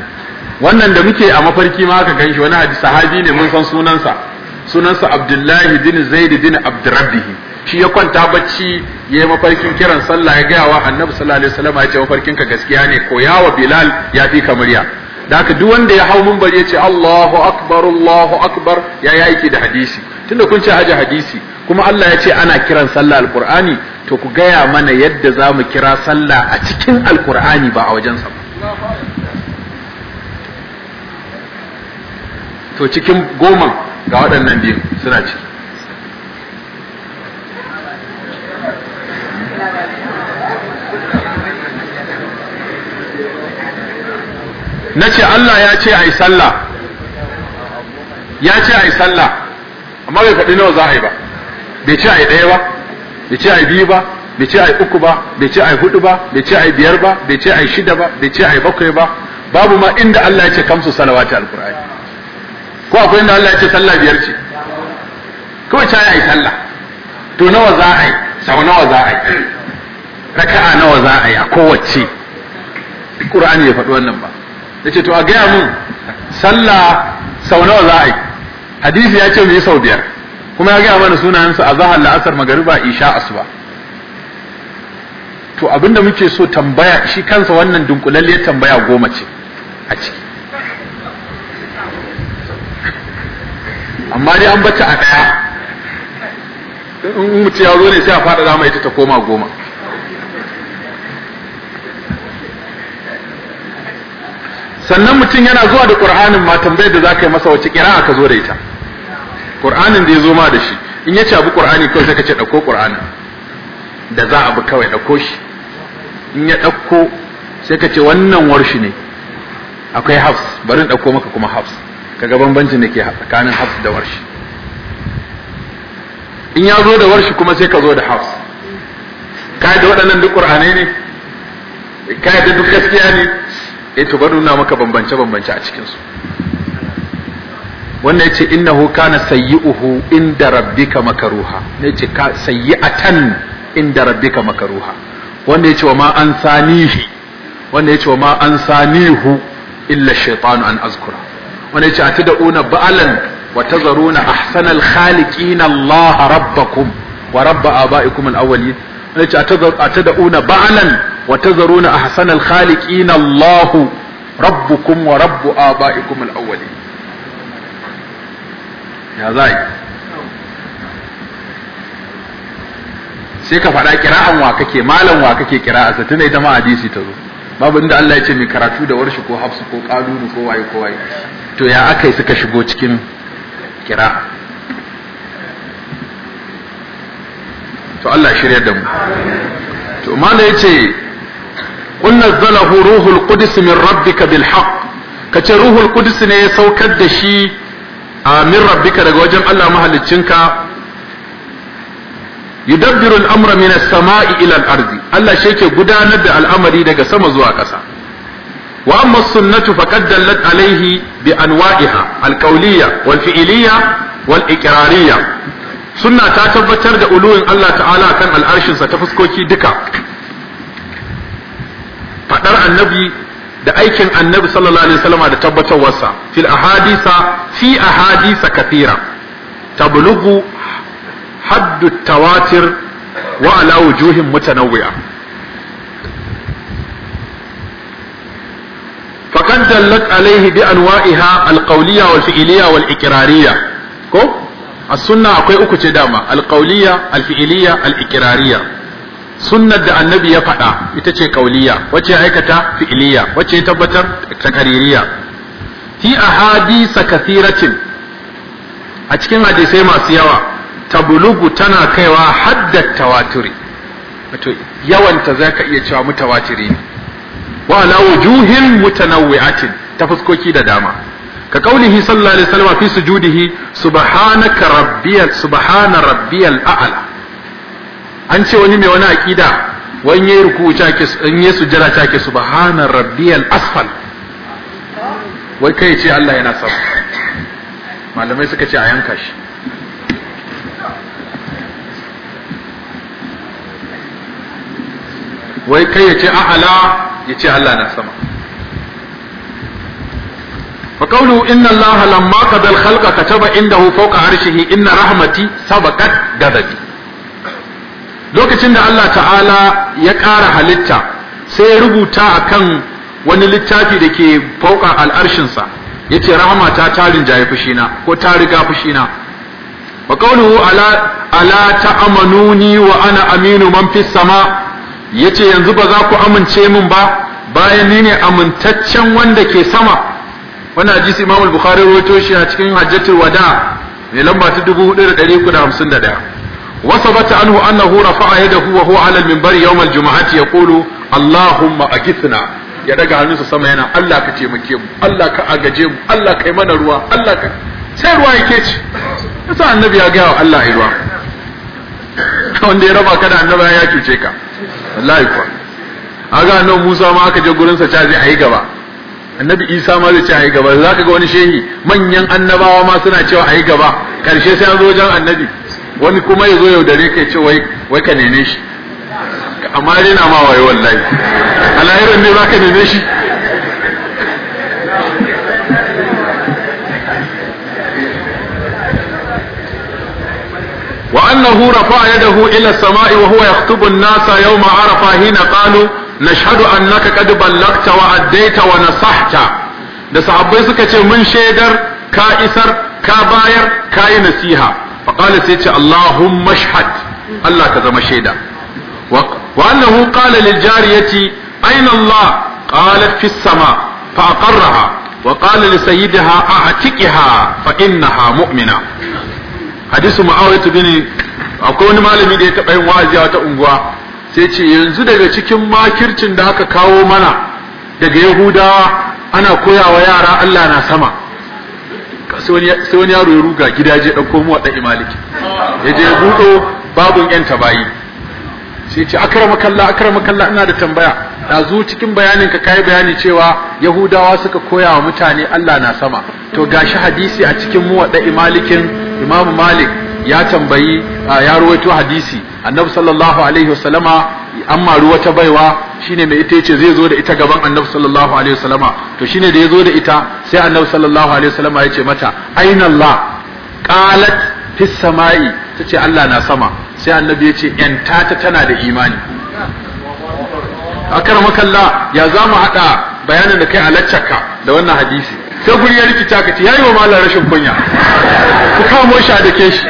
wannan da muke a mafarki ma aka ganshi wani hadisi sahabi ne mun san sunansa sunansa Abdullahi bin Zaid bin Abdurrabbih shi ya kwanta bacci ya yi mafarkin kiran sallah ya gaya wa annabi sallallahu alaihi wasallam ya ce mafarkin ka gaskiya ne ko wa bilal ya fi ka murya da haka duk wanda ya hau mimbar ya ce Allahu akbar Allahu akbar ya yi aiki da hadisi tunda kun ce haji hadisi kuma Allah ya ce ana kiran sallah alqur'ani to ku gaya mana yadda za mu kira sallah a cikin alqur'ani ba a wajensa ba to cikin goma ga waɗannan biyu suna ciki na ce Allah ya ce a yi sallah ya ce a yi sallah amma bai faɗi nawa za a yi ba bai ce a yi ɗaya ba bai ce a yi biyu ba bai ce a yi uku ba bai ce a yi hudu ba bai ce a yi biyar ba bai ce a yi shida ba bai ce a yi bakwai ba babu ma inda Allah ya ce kamsu salawati alqur'ani ko akwai inda Allah ya ce sallah biyar ce kawai ta yi sallah to nawa za a yi sau nawa za a yi raka'a nawa za a yi a kowace Qur'ani ya faɗi wannan ba yace to a gaya mun sallah sau nawa za a yi hadisi ya ce mu yi sau biyar kuma ya gaya mana sunayensu a zahar la'asar magariba isha asuba to abinda muke so tambaya shi kansa wannan dunkulalliyar tambaya goma ce a ciki amma dai an bata a ɗaya in mutu ya zo ne sai a faɗaɗa mai ita ta koma goma sannan mutum yana zuwa da ƙur'anin ma tambayar da ka yi masa wace qira'a ka zo da ita ƙur'anin da ya zo ma da shi in ya ci abu qur'ani kawai sai ka ce ɗauko qur'anin da za a bi kawai ɗauko shi in ya ɗauko sai ka ce wannan warshi ne akwai hafs bari ɗauko maka kuma hafs kaga bambancin da ke tsakanin hafs da warshi in ya zo da warshi kuma sai ka zo da hafs kai da waɗannan duk ƙur'anai ne kai da duk gaskiya ne E to bari nuna maka bambance bambance a cikin su wannan yace innahu kana sayyi'uhu inda rabbika makaruha yace ka sayyi'atan inda rabbika makaruha wanda yace wa ma an sanihi wanda yace wa ma an sanihu illa shaytanu an azkura wanda yace atad'una ba'alan wa tazaruna ahsanal khaliqin Allah rabbakum wa rabb abaikum al-awwalin wanda yace atad'una ba'alan wa tazaruna ahsanal khaliqin Allahu rabbukum wa rabbu abaikum al ya zai sai ka faɗa kira'an wa kake malam wa kake kira'a sa tunai ta ma hadisi ta zo babu inda Allah ya ce mai karatu da warshi ko hafsu ko kalulu ko waye ko waye to ya aka yi suka shigo cikin kira to Allah shirya da mu to ya yace qul nazzalahu ruhul qudus min rabbika bil haqq kace ruhul qudus ne ya saukar da shi ah, min rabbika daga wajen Allah mahaliccinka yudabbiru al-amra min as-sama'i ila al Allah shi yake gudanar da al'amari daga sama zuwa ƙasa wa amma sunnatu faqad dallat alayhi bi anwa'iha al-qawliyya wal fi'liyya wal iqrariyya sunna ta tabbatar da uluwin Allah ta'ala kan al'arshin sa ta fuskoki duka faɗar annabi da aikin annabi sallallahu alaihi wasallam da tabbatar fil ahadisa fi ahadisa kathira tablughu haddu tawatir wa'ala ala wujuhin mutanawwi'a fakan dallat alaihi bi anwa'iha alqawliya wal fi'liya wal ko a sunna akwai uku ce dama alqawliya al fi'liya sunnar da annabi ya faɗa ita ce kauliya wacce aikata fi'iliya wacce ya tabbatar takaririya fi ahadisa kathiratin a cikin hadisai masu yawa tabulugu tana kaiwa hadda tawaturi wato yawanta zaka iya cewa mutawatiri ne wa ala wujuhin mutanawwi'atin ta fuskoki da dama ka kaulihi sallallahu alaihi wasallam fi sujudihi subhanaka rabbiyal subhana rabbiyal a'la an ce wani mai wani aƙida, wani ya yi ruku ta ke in yayi sujjada ta ke subhana rabbiyal asfal wai kai ce Allah yana sama malamai suka ce a yanka shi wai kai ya ce a'ala ya ce Allah na sama fa qawlu inna Allah lamma qada al-khalqa kataba indahu fawqa arshihi inna rahmati sabaqat ghadabi lokacin da Allah ta'ala ya ƙara halitta sai ya rubuta akan wani littafi da ke fauka al'arshinsa ya ce rahama ta tarin jaye fushina ko ta riga fushina wa qawluhu ala ala ta'amanuni wa ana aminu man fis sama yace yanzu ba za ku amince min ba bayan ni ne amintaccen wanda ke sama wannan hadisi Imam al-Bukhari rawaito shi a cikin Hajjatul Wada mai lamba ta وثبت عنه أنه رفع يده وهو على المنبر يوم الجمعة يقول اللهم أكثنا ya daga hannunsa sama yana Allah ka taimake mu Allah ka agaje mu Allah ka mana ruwa Allah ka sai ruwa yake ci yasa annabi ya gaya wa Allah ya wanda ya ka da annabi ka aga Musa ma aka je gurin sa ayi gaba annabi Isa ma zai ce ayi gaba zaka ga wani shehi manyan annabawa ma suna cewa ayi gaba karshe sai an zo wajen annabi wani kuma ya zo yaudare kai ce wai ka nene shi amma dai na ma waye wallahi alahiran ne za ka nene shi وأنه رفع يده إلى السماء وهو يخطب الناس يوم عرفة حين قالوا نشهد أنك قد بلغت وأديت ونصحت da sahabbai suka ce mun shaidar ka isar ka bayar ka yi nasiha faƙala sai ce Allahumma shahad Allah ta zama shaida wa annahu qala lil jariyati aina Allah qala fi sama fa aqarraha wa qala li sayyidiha a'tiqiha fa innaha mu'mina hadisu mu'awiyah bin akwai wani malami da ya taɓa yin wa'azi a unguwa sai ce yanzu daga cikin makircin da aka kawo mana daga yahudawa ana koyawa yara Allah na sama sai wani yaro ya ruga gida je ɗauko mu waɗa imaliki ya je ya buɗo babun yan tabayi sai ce akrama kalla akrama kalla ina da tambaya zu cikin bayanin ka kai bayani cewa yahudawa suka koya wa mutane Allah na sama to gashi hadisi a cikin mu waɗa imalikin imam malik ya tambayi ya ruwaito hadisi annabi sallallahu alaihi wasallama amma ruwa ta baiwa shine mai ita yace zai zo da ita gaban annabi sallallahu alaihi wasallama to shine da ya zo da ita sai annabi sallallahu alaihi wasallam ya ce mata aina Allah qalat fi samai tace Allah na sama sai annabi ya ce yan ta tana da imani makalla ya zamu hada bayanin da kai a laccarka da wannan hadisi sai guri ya rikita ka ce yayi wa malar rashin kunya ku kamo shi a dake shi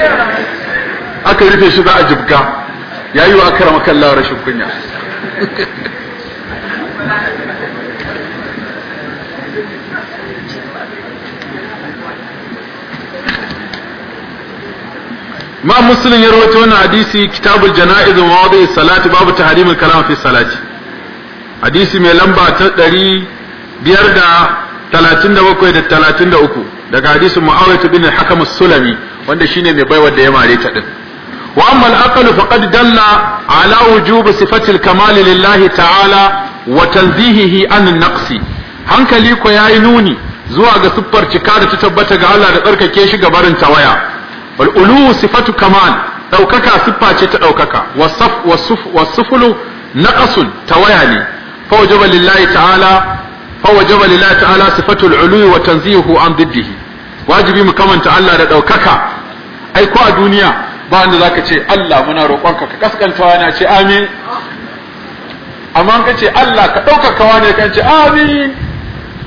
aka rufe shi za a jibga yayi wa akarmakalla rashin kunya ma muslim ya rawaito hadisi kitabul janaiz wa wadi salati babu tahrimul kalam fi salati hadisi mai lamba ta 500 da 37 da 33 daga hadisin muawiyah bin al-hakam as wanda shine mai baiwa da ya mare ta din wa amma al dalla ala wujub Sifatil al-kamal lillahi ta'ala wa tanzihihi an an hankali ko yi nuni zuwa ga siffar cika da ta tabbata ga Allah da tsarkake shi ga barin ta waya. bal ulu sifatu kamal daukaka siffa ce ta daukaka wasaf wasuf wasufulu naqasun tawaya ne fa wajaba lillahi ta'ala fa wajaba lillahi ta'ala sifatu al-ulu wa tanzihu an diddihi wajibi mu kamanta Allah da daukaka ai ko a duniya ba wanda zaka ce Allah muna roƙonka ka kaskantawa na ce amin amma ka ce Allah ka ɗaukaka wani kan ce amin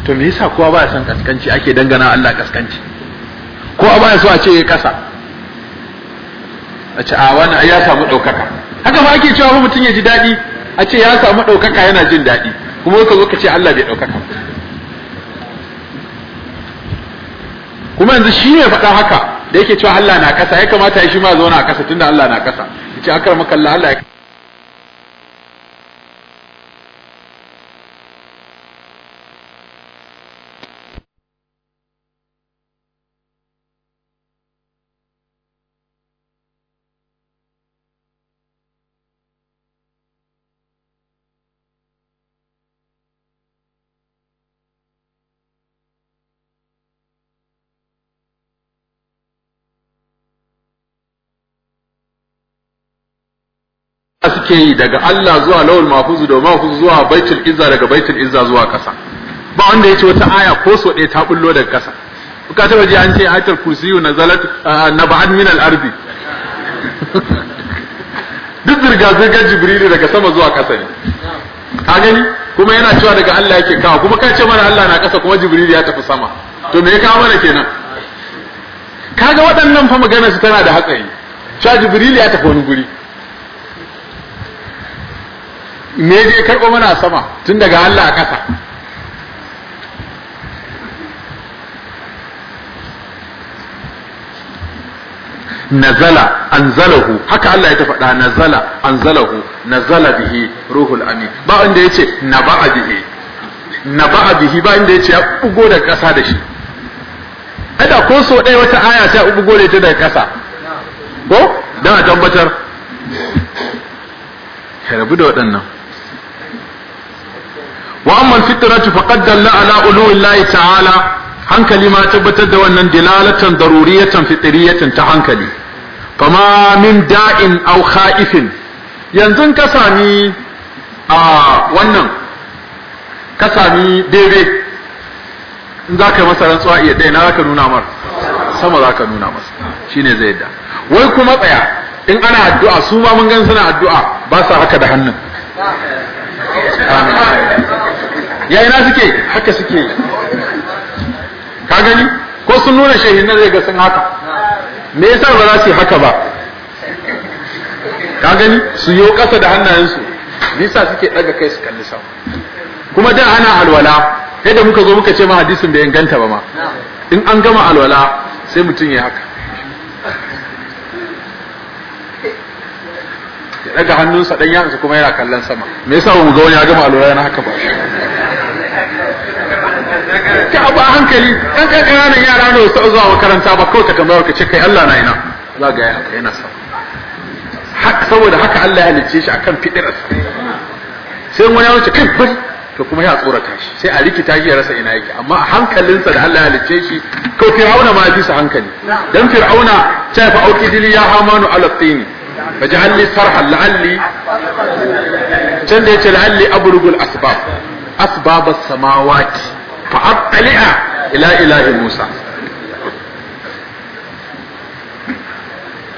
to me yasa kowa baya son kaskanci ake dangana Allah kaskanci kowa baya so a ce kasa a ce a wani ya samu ɗaukaka haka ma ake cewa mutum ya ji daɗi a ce ya samu ɗaukaka yana jin daɗi kuma ka zo ka ce Allah bai ɗaukaka kuma yanzu shi ne faɗa haka da yake cewa Allah na ƙasa ya kamata ya shi ma zauna a ƙasa tunda Allah na ƙasa ya ce akar makalla Allah ya suke yi daga Allah zuwa lawul mahfuz da mahfuz zuwa baitul izza daga baitul izza zuwa kasa ba wanda yace wata aya ko so ɗaya ta bullo daga kasa ka taba ji an ce ayatul kursiyu nazalat ah, naba'an min al-ardi duk zirga zirgar jibril daga sama zuwa kasa ne ka gani kuma yana cewa daga Allah yake kawo kuma ka ce mana Allah na kasa kuma jibril ya tafi sama to me ya kawo mana kenan kaga waɗannan fa magana su tana da hatsari cewa jibril ya tafi wani guri me je karɓo mana sama tun daga Allah a ƙasa nazala anzalahu haka Allah ya faɗa nazala anzalahu nazala bihi ruhul amin ba inda yace naba'a bihi ba'a bihi ba inda ce ya bugo da ƙasa da shi kada ko so ɗaya wata aya ta bugo da ita daga ƙasa ko don a tabbatar ka rabu da waɗannan wa amma fitratu faqad dalla ala uluwillahi ta'ala hankali ma tabbatar da wannan dilalatan daruriyatan fitriyatan ta hankali fama min da'in aw kha'ifin yanzu ka sami a wannan ka sami bebe in za ka masa rantsuwa iya ɗaya na za ka nuna mar sama za ka nuna masa ne zai yadda wai kuma tsaya in ana addu'a su ma mun gan suna addu'a ba su haka da hannun ya ina suke haka suke ka gani ko sun nuna shehin zai ga sun haka me yasa ba za su yi haka ba ka gani su yi ƙasa da hannayensu bisa suke ɗaga kai su kalli sama kuma da ana alwala yadda muka zo muka ce ma hadisin bai inganta ba ma in an gama alwala sai mutum ya haka ya daga hannunsa dan yatsa kuma yana kallon sama me yasa mu ga wani ya gama alwala yana haka ba Ka abu a hankali ɗan kan kananan yara ne su zuwa makaranta ba kawai ka tambaya ka ce kai Allah na ina za ga haka yana sa saboda haka Allah ya halicce shi akan fiɗira. sai wani ya wuce kai bari to kuma ya tsorata shi sai a rikita shi ya rasa ina yake amma a hankalinsa da Allah ya halicce shi ko fir'auna ma fi su hankali dan fir'auna ta fa auki dili ya hamanu ala Ba ji jahalli sarhan la'alli can da yace la'alli abrugul asbab asbab as-samawati fa attali'a ila ilahi Musa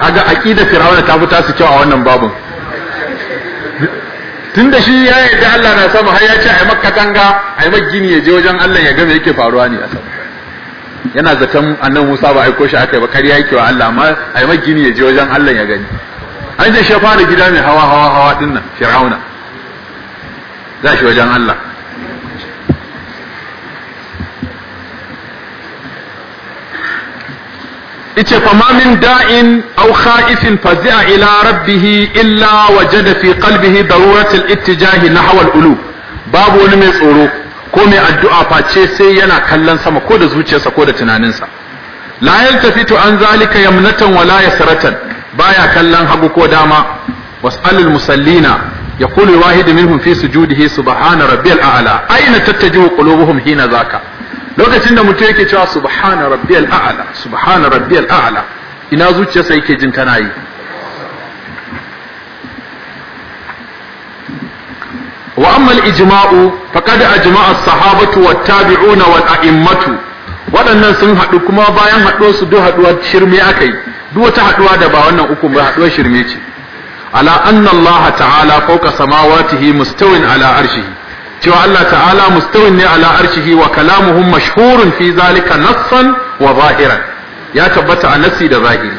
aga aqida fir'auna ta fita su kyau a wannan babun tunda shi ya yadda Allah na sama har ya ce ai makka tanga ai magini ya je wajen Allah ya ga me yake faruwa ne a sama yana zaton annan Musa ba aiko shi aka yi ba kariya yake wa Allah amma ai magini ya je wajen Allah ya gani an je shi fara gida mai hawa hawa hawa din nan fir'auna za shi wajen Allah ice fa min da'in aw kha'ifin fazi'a ila rabbih illa wajada fi qalbihi daruratul ittijahi nahwa al-ulu babu wani mai tsoro ko mai addu'a face sai yana kallon sama ko da zuciyarsa ko da tunaninsa la yaltafitu an zalika yamnatan wala yasratan baya kallon hagu ko dama was'alul musallina yaqulu wahid minhum fi sujudihi subhana rabbiyal a'la aina tattaju qulubuhum hina zaka lokacin da mutum yake cewa subhana rabbiyal a'la subhana rabbiyal a'la ina sai yake jin tana yi wa amma al-ijma'u faqad ajma'a as-sahabatu wat-tabi'una wal-a'immatu waɗannan sun haɗu kuma bayan haɗuwar su duk haɗuwa shirme akai duk wata haɗuwa da ba wannan uku ba haɗuwar shirme ce ala anna Allah ta'ala fawqa samawatihi mustawin ala arshihi cewa Allah ta'ala mustawin ne ala arshihi wa kalamuhum mashhurun fi zalika nassan wa zahiran ya tabbata a nasi da zahiri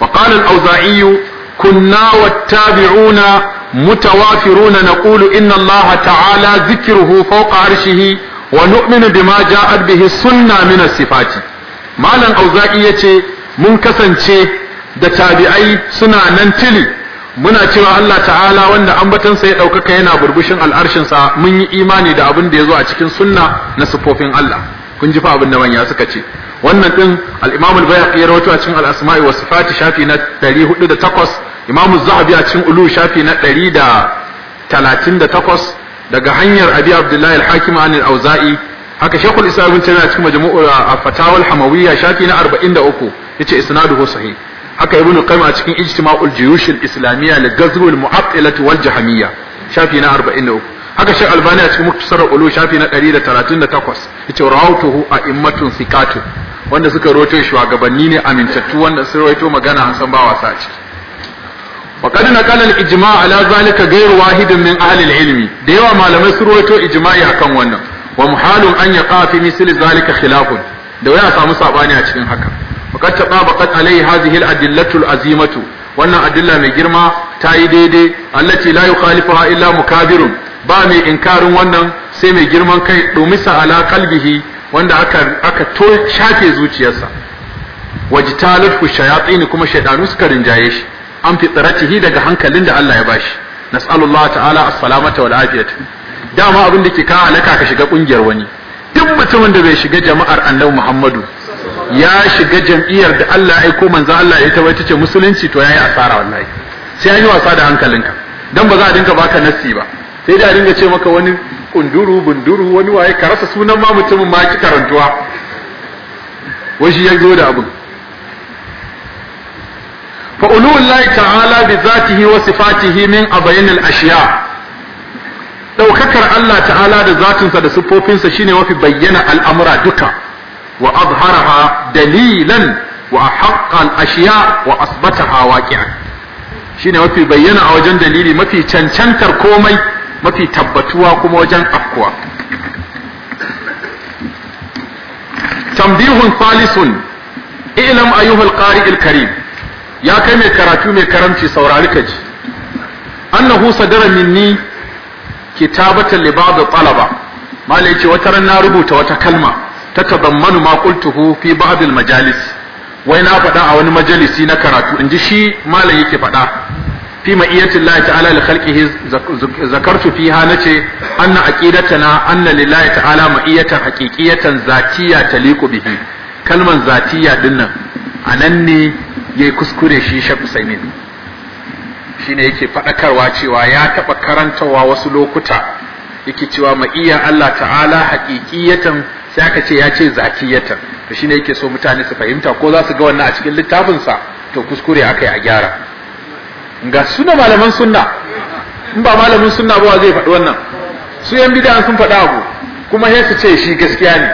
wa qala al-auza'i kunna wattabi'una mutawafiruna naqulu inna Allah ta'ala zikruhu fawqa arshihi wa nu'minu bima ja'at bihi sunna min as-sifati malam auza'i yace mun kasance da tabi'ai suna nan tili muna cewa Allah ta'ala wanda ambatansa ya ɗaukaka yana burbushin al'arshinsa mun yi imani da abin da ya zo a cikin sunna na sufofin Allah kun ji fa abin da manya suka ce wannan din al-Imam al-Bayhaqi ya a cikin al-Asma'i wa shafi na 408 Imam az-Zahabi a cikin Ulu shafi na 138 daga hanyar Abi Abdullahi al-Hakim an al-Auza'i haka Sheikhul Islam bin Taymiyyah cikin majmu'ul fatawal hamawiyya shafi na 43 yace isnaduhu sahih haka ibn qayyim a cikin ijtima'ul juyush al-islamiyya li ghazw al-mu'attilah wal jahmiyya shafi na 43 haka shaykh albani a cikin muktasar ulu shafi na 138 yace rawatuhu immatun thiqatu wanda suka roto shugabanni ne amintattu wanda sun roto magana an san ba wasa ciki وقد نقل الاجماع على ذلك غير واحد من اهل العلم da yawa malamai sun roto ijma'i akan wannan wa muhalun an yaqa fi misli zalika khilafun da waya samu sabani a cikin haka وقد تطابقت عليه هذه الأدلة العزيمة وأن أدلة من جرمة تايدي daidai التي layu يخالفها illa mukabirun ba mai inkarin wannan sai mai girman kai dumisa ala kalbihi wanda aka aka to shafe zuciyarsa wajtalat shayatin kuma shaydanu suka rinjaye shi an fi fitratihi daga hankalin da Allah ya bashi nas'alullahu ta'ala as-salamata wal afiyata dama abin da ke ka halaka ka shiga kungiyar wani duk mutumin da bai shiga jama'ar Annabi Muhammadu ya shiga jam'iyyar da Allah ya aiko manzo Allah ya ta ce musulunci to yayi asara wallahi sai an yi wasa da hankalinka dan ba za a dinga baka nasi ba sai da a dinga ce maka wani kunduru bunduru wani waye ka rasa sunan ma mutumin ma ki karantuwa washi ya zo da abu. fa ulullahi ta'ala bi zatihi wa sifatihi min abayin ashiya daukakar Allah ta'ala da zatinsa da siffofinsa shine mafi bayyana al'amura duka Wa وأظهرها دليلا وأحق الأشياء وأثبتها واقعا shine mafi bayyana a wajen dalili mafi cancantar komai mafi tabbatuwa kuma wajen afkuwa tambihun salisun ilam ayyuhal qari'il karim ya kai mai karatu mai karamci saurari ka ji annahu sadara minni kitabatan libadu talaba malai ce wata rana rubuta wata kalma tatadammanu ma qultuhu fi ba'd majalis wai na faɗa a wani majalisi na karatu inji shi malam yake faɗa fi ma'iyatillahi ta'ala li khalqihi zakartu fiha nace anna aqidatana anna lillahi ta'ala ma'iyatan haqiqiyatan zatiyya taliqu bihi kalman zatiyya dinnan anan ne yayi kuskure shi Sheikh Usaimin shine yake faɗakarwa cewa ya taɓa karantawa wasu lokuta yake cewa ma'iya Allah ta'ala haqiqiyatan sai aka ce ya ce zakiyatan to shine yake so mutane su fahimta ko za su ga wannan a cikin littafin sa to kuskure aka yi a gyara ga suna malaman sunna in ba malamin sunna ba zai faɗi wannan su yan bid'a sun faɗa abu kuma sai su ce shi gaskiya ne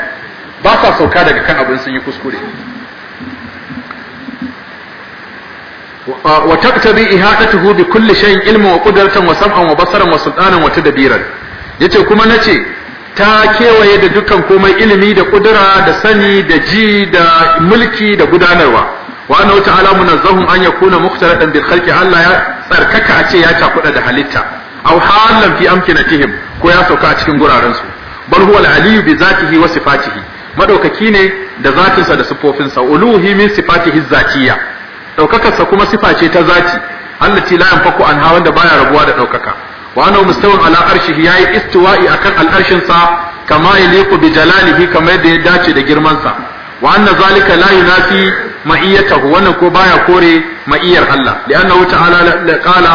ba sa sauka daga kan abin sun yi kuskure wa taqtabi ihadatuhu bi kulli shay'in ilman wa qudratan wa sam'an wa basaran wa sultanan wa tadbiran yace kuma nace ta kewaye da dukan komai ilimi da kudura da sani da ji da mulki da gudanarwa wa annahu ta'ala munazzahun an yakuna mukhtalatan bil khalqi Allah ya tsarkaka a ce ya cakuda da halitta aw halan fi amkinatihim ko ya sauka a cikin guraren su bal huwa al-aliyyu bi zatihi wa sifatihi madaukaki ne da zatinsa da sifofinsa uluhi min sifatihi zatiyya Ɗaukakarsa kuma sifa ce ta zati allati la yanfaku anha wanda baya rabuwa da daukaka wa annahu mustawin ala arshihi yayi istiwa'i akan al'arshin sa kama yaliqu bi jalalihi kama yadda ya dace da girmansa sa wa anna zalika la yunafi ma'iyatahu wannan ko baya kore ma'iyar Allah li'annahu ta'ala la qala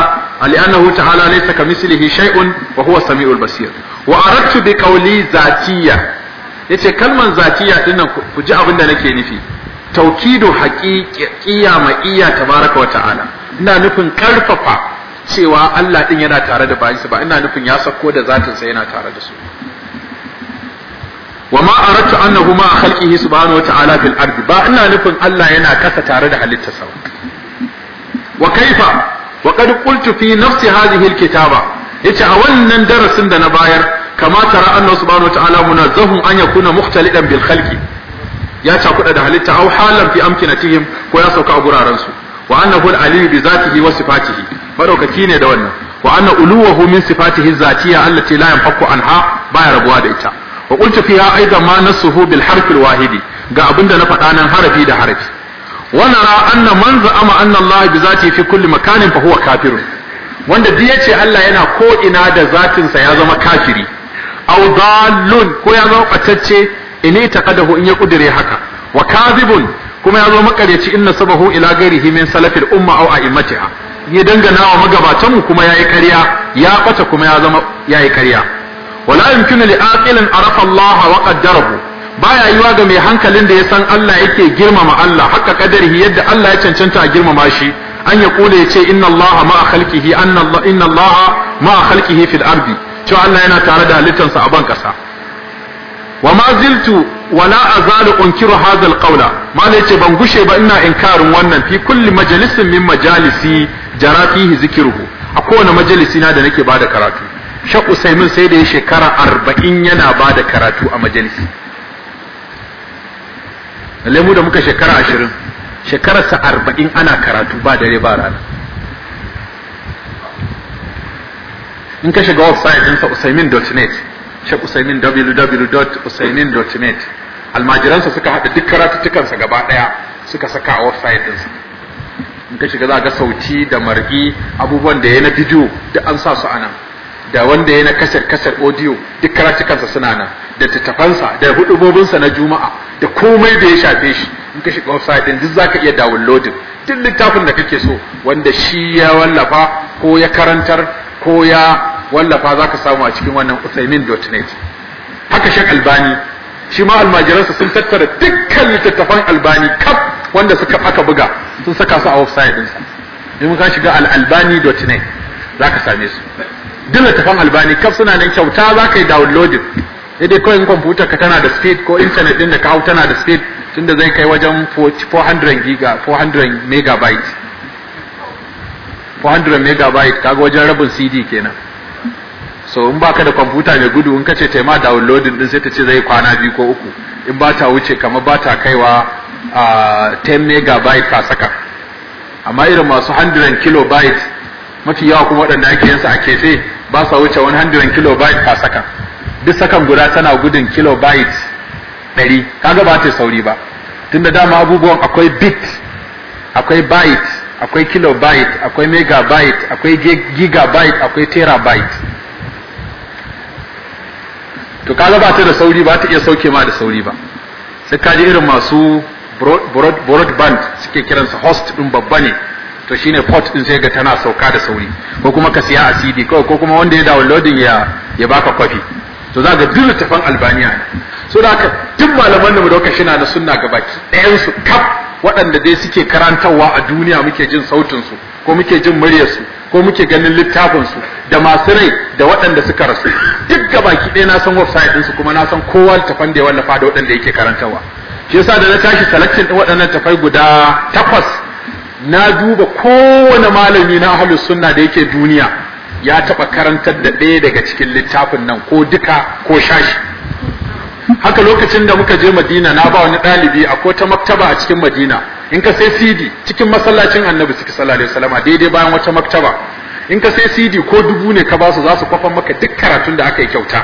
li'annahu ta'ala laysa kamithlihi shay'un wa huwa samiul basir wa aradtu bi kauli zatiyya yace kalman zatiyya ɗinnan ku abin da nake nufi taukidu haqiqiyya ma'iyya tabaraka wa ta'ala ina nufin karfafa cewa Allah ɗin yana tare da bayinsa ba ina nufin ya sako da zatinsa yana tare da su wama aradtu annahu ma khalqihi subhanahu wa ta'ala fil ardi ba ina nufin Allah yana kasa tare da halittarsa wa kaifa wa qad qultu fi nafsi hadhihi al kitaba yace a wannan darasin da na bayar kama tara annahu subhanahu wa ta'ala munazzahun an yakuna mukhtalidan bil khalqi ya cakuɗa da halitta au halan fi amkinatihim ko ya sauka a guraren su wa annahu al aliyu bi zatihi wa sifatihi madaukaki ne da wannan wa anna uluwahu min sifatihi zatiyya allati la yanfaku anha baya rabuwa da ita wa qultu fiha aidan ma nasuhu bil harfi wahidi ga abinda na faɗa nan harafi da harafi wa nara anna man za'ama anna Allah bi zati fi kulli makanin fa huwa kafirun wanda duk yace Allah yana ko ina da zatin sa ya zama kafiri aw dallun ko ya zama batacce ini taqadahu in ya kudire haka wa kadhibun kuma ya zo makareci in nasabahu ila ghairihi min salafil umma aw a'immatiha ya dangana wa magabatanmu kuma yayi karya ya ɓata kuma ya zama yayi karya wala yumkinu li aqilin arafa Allah wa qaddarahu baya yiwa ga mai hankalin da ya san Allah yake girmama Allah haka kadari yadda Allah ya cancanta a girmama shi an ya kula ya ce inna Allah ma khalqihi anna Allah inna Allah khalqihi fil ardi cewa Allah yana tare da halittansa a ban kasa wa ma ziltu wa la azalu unkiru hadha alqawla mala yace ban gushe ba ina inkarin wannan fi kulli majalisin min majalisi jara fihi zikruhu a kowane majalisi na da nake bada karatu Shak Usaimin sai da ya shekara arba'in yana bada karatu a majalisi. Lemu da muka shekara ashirin, sa arba'in ana karatu ba dare ba rana. In ka shiga website sa usaimin.net Sheikh Usaimin www.usaimin.net almajiransa suka haɗa duk karatuttukansa gaba ɗaya suka saka a website ɗinsa in ka shiga za ga sauti da mar'i abubuwan da ya na bidiyo da an sa su a nan da wanda ya na kasar kasar audio duk karatukansa suna nan da tattafansa da hudubobinsa na juma'a da komai da ya shafe shi in ka shiga website ɗin duk zaka iya downloading duk littafin da kake so wanda shi ya wallafa ko ya karantar ko ya wallafa za ka samu a cikin wannan usaimin.net haka shek albani shi ma almajiransa sun tattara dukkan littattafan albani kaf wanda suka aka buga sun saka su a website ɗinsa in ka shiga al'albani.net za ka same su duk littattafan albani kaf suna nan kyauta za ka yi downloading dai kawai in kwamfuta ka tana da speed ko internet ɗin da ka hau tana da speed tunda zai kai wajen 400 giga 400 megabyte 400 megabyte kaga wajen rabin cd kenan so in baka da kwamfuta mai gudu in kace taima downloading din sai ta ce zai kwana biyu ko uku in ba ta wuce kamar ba ta kaiwa a 10 megabyte ka saka amma irin masu 100 kilobyte mafi yawa kuma waɗanda ake yansa a kefe ba sa wuce 100 kilobyte ka saka duk sakan guda tana gudun kilobyte 100 kaga ba ta sauri ba tunda dama abubuwan akwai bit akwai byte akwai kilobyte akwai megabyte akwai gigabyte akwai terabyte to kaga ba ta da sauri ba ta iya sauke ma da sauri ba sai ka ji irin masu broadband suke kiransa host din babba ne to shine port din sai ga tana sauka da sauri ko kuma ka siya a CD ko ko kuma wanda ya downloading ya ya baka copy to za ga duk Albania Albaniya so da haka duk malaman da mu dauka shi na da sunna baki. ɗayan su kaf waɗanda dai suke karantarwa a duniya muke jin sautin su ko muke jin muryar su ko muke ganin littafin su da masu rai da waɗanda suka rasu duk baki ɗaya na san website ɗinsu kuma na san kowa tafan da ya wallafa da waɗanda yake karantarwa shi yasa da na tashi selection ɗin waɗannan tafai guda takwas na duba kowane malami na ahlus sunna da yake duniya ya taɓa karantar da ɗaya daga cikin littafin nan ko duka ko shashi haka lokacin da muka je madina na ba wani ɗalibi a ko ta maktaba a cikin madina in ka sai cd cikin masallacin annabi sallallahu alaihi wasallam daidai bayan wata maktaba in ka sai CD ko dubu ne ka ba su za su kwafan maka duk karatun da aka yi kyauta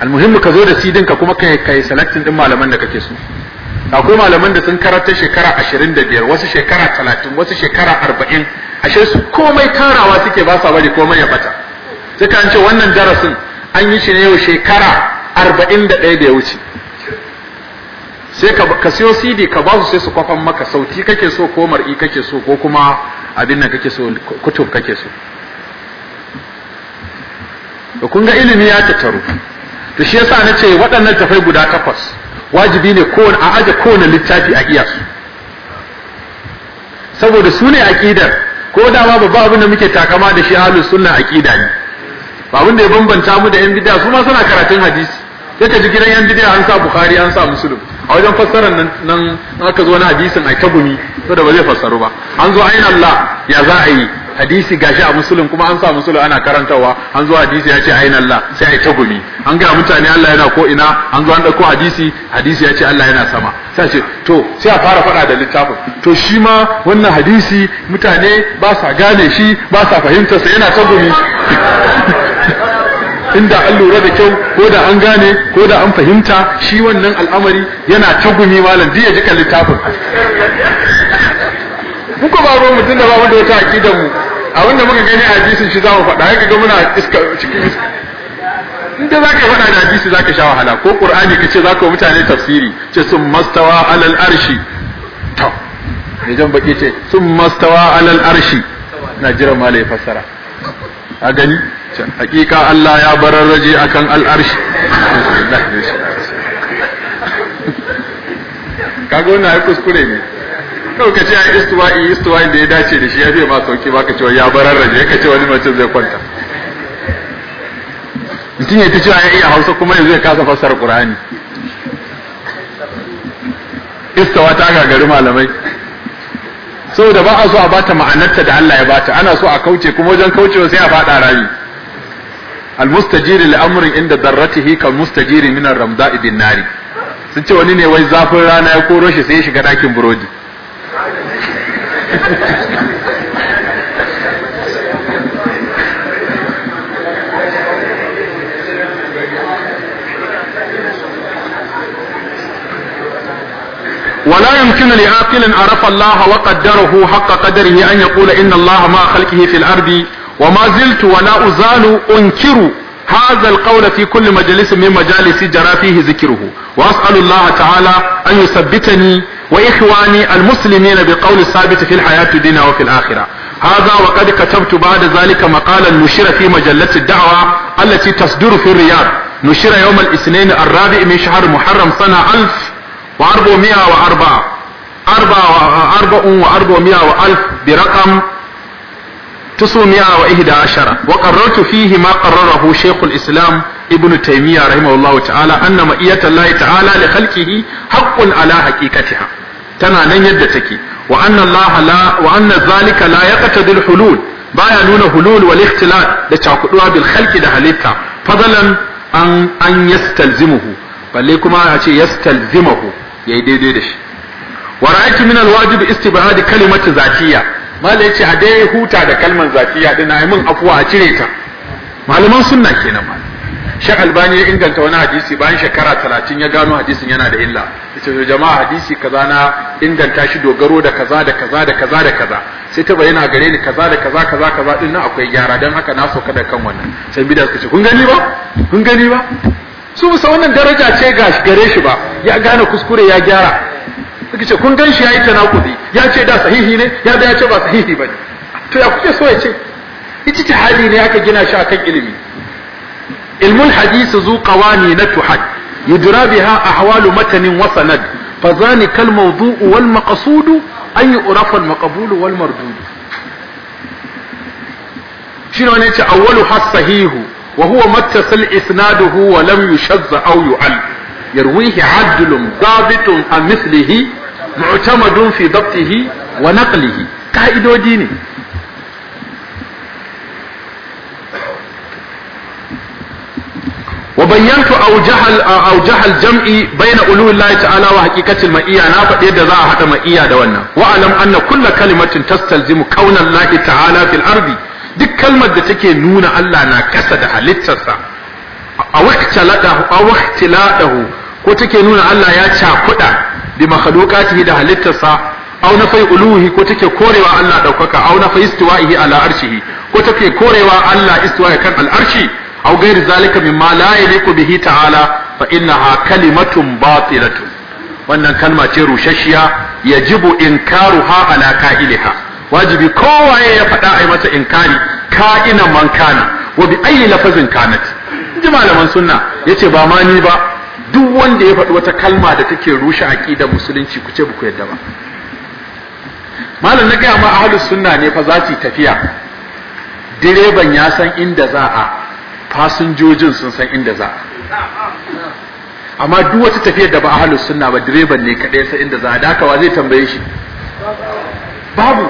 almuhimmi ka zo da CD ka kuma ka yi selectin din malaman da kake so akwai malaman da sun karanta shekara 25 wasu shekara 30 wasu shekara 40 ashe su komai karawa suke ba sa bari komai ya bata sai ka ce wannan darasin an yi shi ne yau shekara 41 da ya wuce sai ka siyo CD ka ba su sai su kwafan maka sauti kake so ko mar'i kake so ko kuma abin nan kake so kutub kake so to kun ga ilimi ya tattaru to shi yasa ce waɗannan tafai guda takwas wajibi ne kowane a aje kowane littafi a iya su saboda su ne aqidar ko da ma babba abin da muke takama da shi halin sunna aqida ne ba abin da ya bambanta mu da yan bid'a su ma suna karatun hadisi sai ka ji gidan yan bidiya an sa bukhari an sa muslim a wajen fassarar nan nan aka zo na hadisin ai tagumi to da ba zai fassaru ba an zo ayin Allah ya za a yi hadisi gashi a musulun kuma an sa musulun ana karantawa an zo hadisi ya ce ayin Allah sai ai tagumi an gaya mutane Allah yana ko ina an zo an dauko hadisi hadisi ya ce Allah yana sama sai ce to sai a fara faɗa da littafin to shi ma wannan hadisi mutane ba sa gane shi ba sa fahimtar sa yana tagumi inda an lura da kyau ko da an gane ko da an fahimta shi wannan al'amari yana tagumi malam ji kan littafin muka ba ruwan mutum da ba wanda wata aƙidar mu abin da muka gani a jisun shi za mu faɗa haka ga muna iska cikin iska in da zaka faɗa da hadisi zaka sha wahala ko qur'ani kace zaka mutane tafsiri ce sun mastawa alal arshi to ne jan baki ce sun mastawa alal arshi na jira malai fassara a gani hakika Allah ya bararraje akan al'arshi kaga wannan ya kuskure ne kawai ka ce a istuwa'i istuwa'i da ya dace da shi ya fiye ma sauki ba ka cewa ya bararraje ka ce wani mace zai kwanta mutum ya ta cewa ya iya hausa kuma yanzu ya kasa fassar ƙur'ani. istawa ta gagari malamai saboda ba a so a bata ma'anarta da Allah ya bata ana so a kauce kuma wajen kaucewa sai a faɗa rami المستجير لامر عند ذرته كالمستجير من الرمضاء بالنار sace wani ne wai zafin rana ya koro shi sai ya shiga ولا يمكن لعاقل عرف الله وقدره حق قدره ان يقول ان الله ما خلقه في الارض وما زلت ولا أزال أنكر هذا القول في كل مجلس من مجالس جرى فيه ذكره وأسأل الله تعالى أن يثبتني وإخواني المسلمين بقول الثابت في الحياة الدنيا وفي الآخرة هذا وقد كتبت بعد ذلك مقالا نشر في مجلة الدعوة التي تصدر في الرياض نشر يوم الاثنين الرابع من شهر محرم سنة ألف وأربعمائة وأربعة أربعة وأربعمائة وألف برقم تسعمائة وإحدى عشر وقررت فيه ما قرره شيخ الإسلام ابن تيمية رحمه الله تعالى أن مئية الله تعالى لخلقه حق على حقيقتها تنا نن يدتك وأن الله لا وأن ذلك لا يقتضي الحلول baya nuna hulul wal da cakuduwa bil khalqi da halitta fadalan an an yastalzimuhu balle kuma a ce yastalzimuhu yayi daidai da shi wa ra'aytu min al wajib istibad kalimati zatiyya malai ce a dai huta da kalmar ya dina yi min afuwa a cire ta malaman sunna kenan ma Sheikh Albani ya inganta wani hadisi bayan shekara talatin ya gano hadisin yana da illa ita to jama'a hadisi kaza na inganta shi dogaro da kaza da kaza da kaza da kaza sai ta bayyana gare ni kaza da kaza kaza kaza din nan akwai gyara dan haka na soka da kan wannan sai bidan ka ce kun gani ba kun gani ba su musa wannan daraja ce ga gare shi ba ya gane kuskure ya gyara suka ce kun gan shi yayi tanakudi ya ce da sahihi ne ya da ya ce ba sahihi bane to ya kuke so ya ce ijtihadi ne aka gina shi akan ilimi ilmul hadisi zu qawani na tuhad yudra biha ahwalu matanin wa sanad fa zani kal mawdu'u wal maqsud an yu'rafa al maqbul wal mardud Shino ne ce awwalu has sahihu wa huwa mattasal isnaduhu wa lam yushazza aw yu'al يرويه عدل ضابط عن مثله mu'tamadun fi dabtihi wa naqlihi kaidoji ne wa bayyantu awjahal awjahal jam'i baina ululillahi ta'ala wa haqiqatil ma'iyya na faɗe da za a haɗa ma'iyya da wannan wa alam anna kullu kalimatin tastalzimu kaunan lahi ta'ala fil ardi duk kalmar da take nuna Allah na kasa da halittarsa a waqtalahu a take nuna Allah ya cakuda bi makhluqatihi da halittarsa aw na fai uluhi ko take korewa Allah daukaka aw na fai istiwa'ihi ala arshihi ko take korewa Allah istiwa'i kan al'arshi aw ghairi zalika mimma la yaliqu bihi ta'ala fa innaha kalimatun batilatun wannan kalma ce rushashiya yajibu inkaruha ala ka'iliha wajibi kowaye ya faɗa a ai mata inkari ka'ina man kana wa bi ayi lafazin kanat ji malaman sunna yace ba ma ni ba duk wanda ya faɗi wata kalma da take rushe aqidar musulunci ku ce buku yadda ba malam na gaya ma ahlus sunna ne fa za su tafiya direban ya san inda za a fasinjojin sun san inda za a amma duk wata tafiyar da ba ahlus sunna ba direban ne kaɗai san inda za a da haka wa zai tambaye shi babu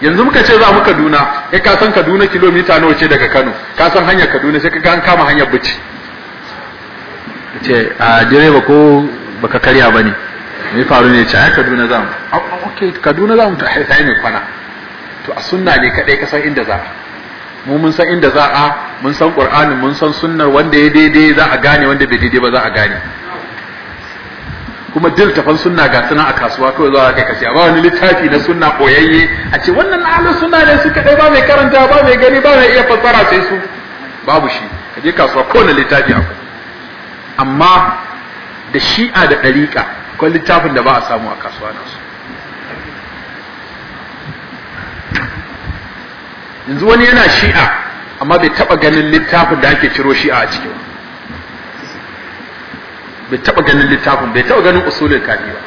yanzu muka ce za mu Kaduna kai ka san Kaduna kilomita nawa ce daga Kano ka san hanyar Kaduna sai ka ga an kama hanyar Bichi ce a direba ko baka karya ba ne mai faru ne ce ai kaduna za mu ok kaduna za mu ta yi mai kwana to a sunna ne kadai ka san inda za a mu mun san inda za a mun san qur'anin mun san sunnar wanda ya daidai za a gane wanda bai daidai ba za a gane kuma dil tafan sunna ga suna a kasuwa kawai za a kai a ba wani littafi na sunna koyayye a ce wannan alu sunna ne suka dai ba mai karanta ba mai gani ba mai iya fassara sai su babu shi kaje kasuwa kowane littafi akwai amma da shi'a da ɗariƙa akwai littafin da ba a samu a kasuwa nasu yanzu wani yana shi'a amma bai taɓa ganin littafin da ake ciro shi'a a cikin bai taɓa ganin littafin bai taɓa ganin usulin kafi ba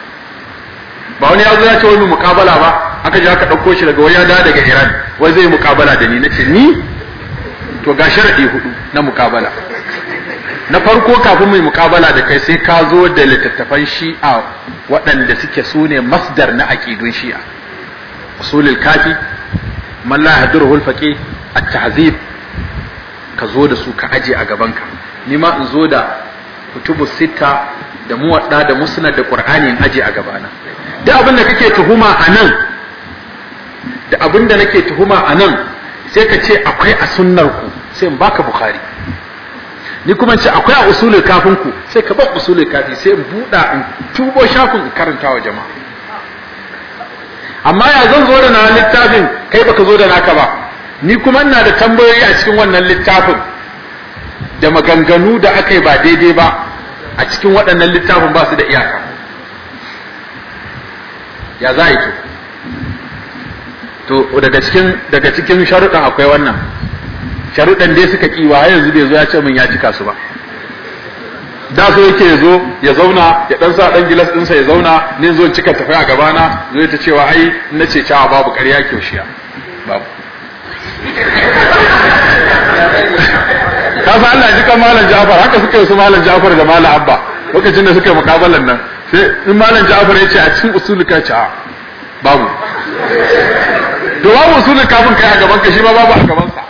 ba wani ya zo ya ce wani mukabala ba aka ji aka ɗauko shi daga wani ya daga iran wai zai mukabala da ni na ce ni to ga sharaɗi hudu na mukabala na farko kafin mai mukabala da kai sai ka zo da littattafan shi'a waɗanda suke su ne masdar na aƙidun shi'a usulul kafi man la yahduruhu al-faqih at-tahzib ka zo da su ka aje a gabanka ni ma in zo da kutubu sita da muwadda da musnad da qur'ani in aje a gabana da abin da kake tuhuma anan da abin da nake tuhuma anan sai ka ce akwai a sunnar ku sai in baka bukhari ni kuma ce akwai a usulul kafin ku sai ka bar usulul kafi sai in buɗa in tubo shafin in karanta wa jama'a amma ya zan zo da na littafin kai baka zo da naka ba ni kuma ina da tambayoyi a cikin wannan littafin da maganganu da aka yi ba daidai ba a cikin waɗannan littafin ba su da iyaka ya za a yi to daga cikin daga cikin sharuɗin akwai wannan sharuɗan dai suka kiwa har yanzu bai zo ya ce min ya cika su ba da so yake ya zo ya zauna ya dan sa dan gilas ɗinsa ya zauna ne zo cika tafi a gabana zo ta cewa ai na ce cewa babu ƙarya kyoshiya babu ka san Allah ji kan malam Ja'far haka suka yi su malam Ja'far da malam Abba lokacin da suka yi mukabalan nan sai in malam Ja'far ya ce a cikin usulu ka ci babu to babu usulu kafin kai a gaban ka shi ma babu a gaban sa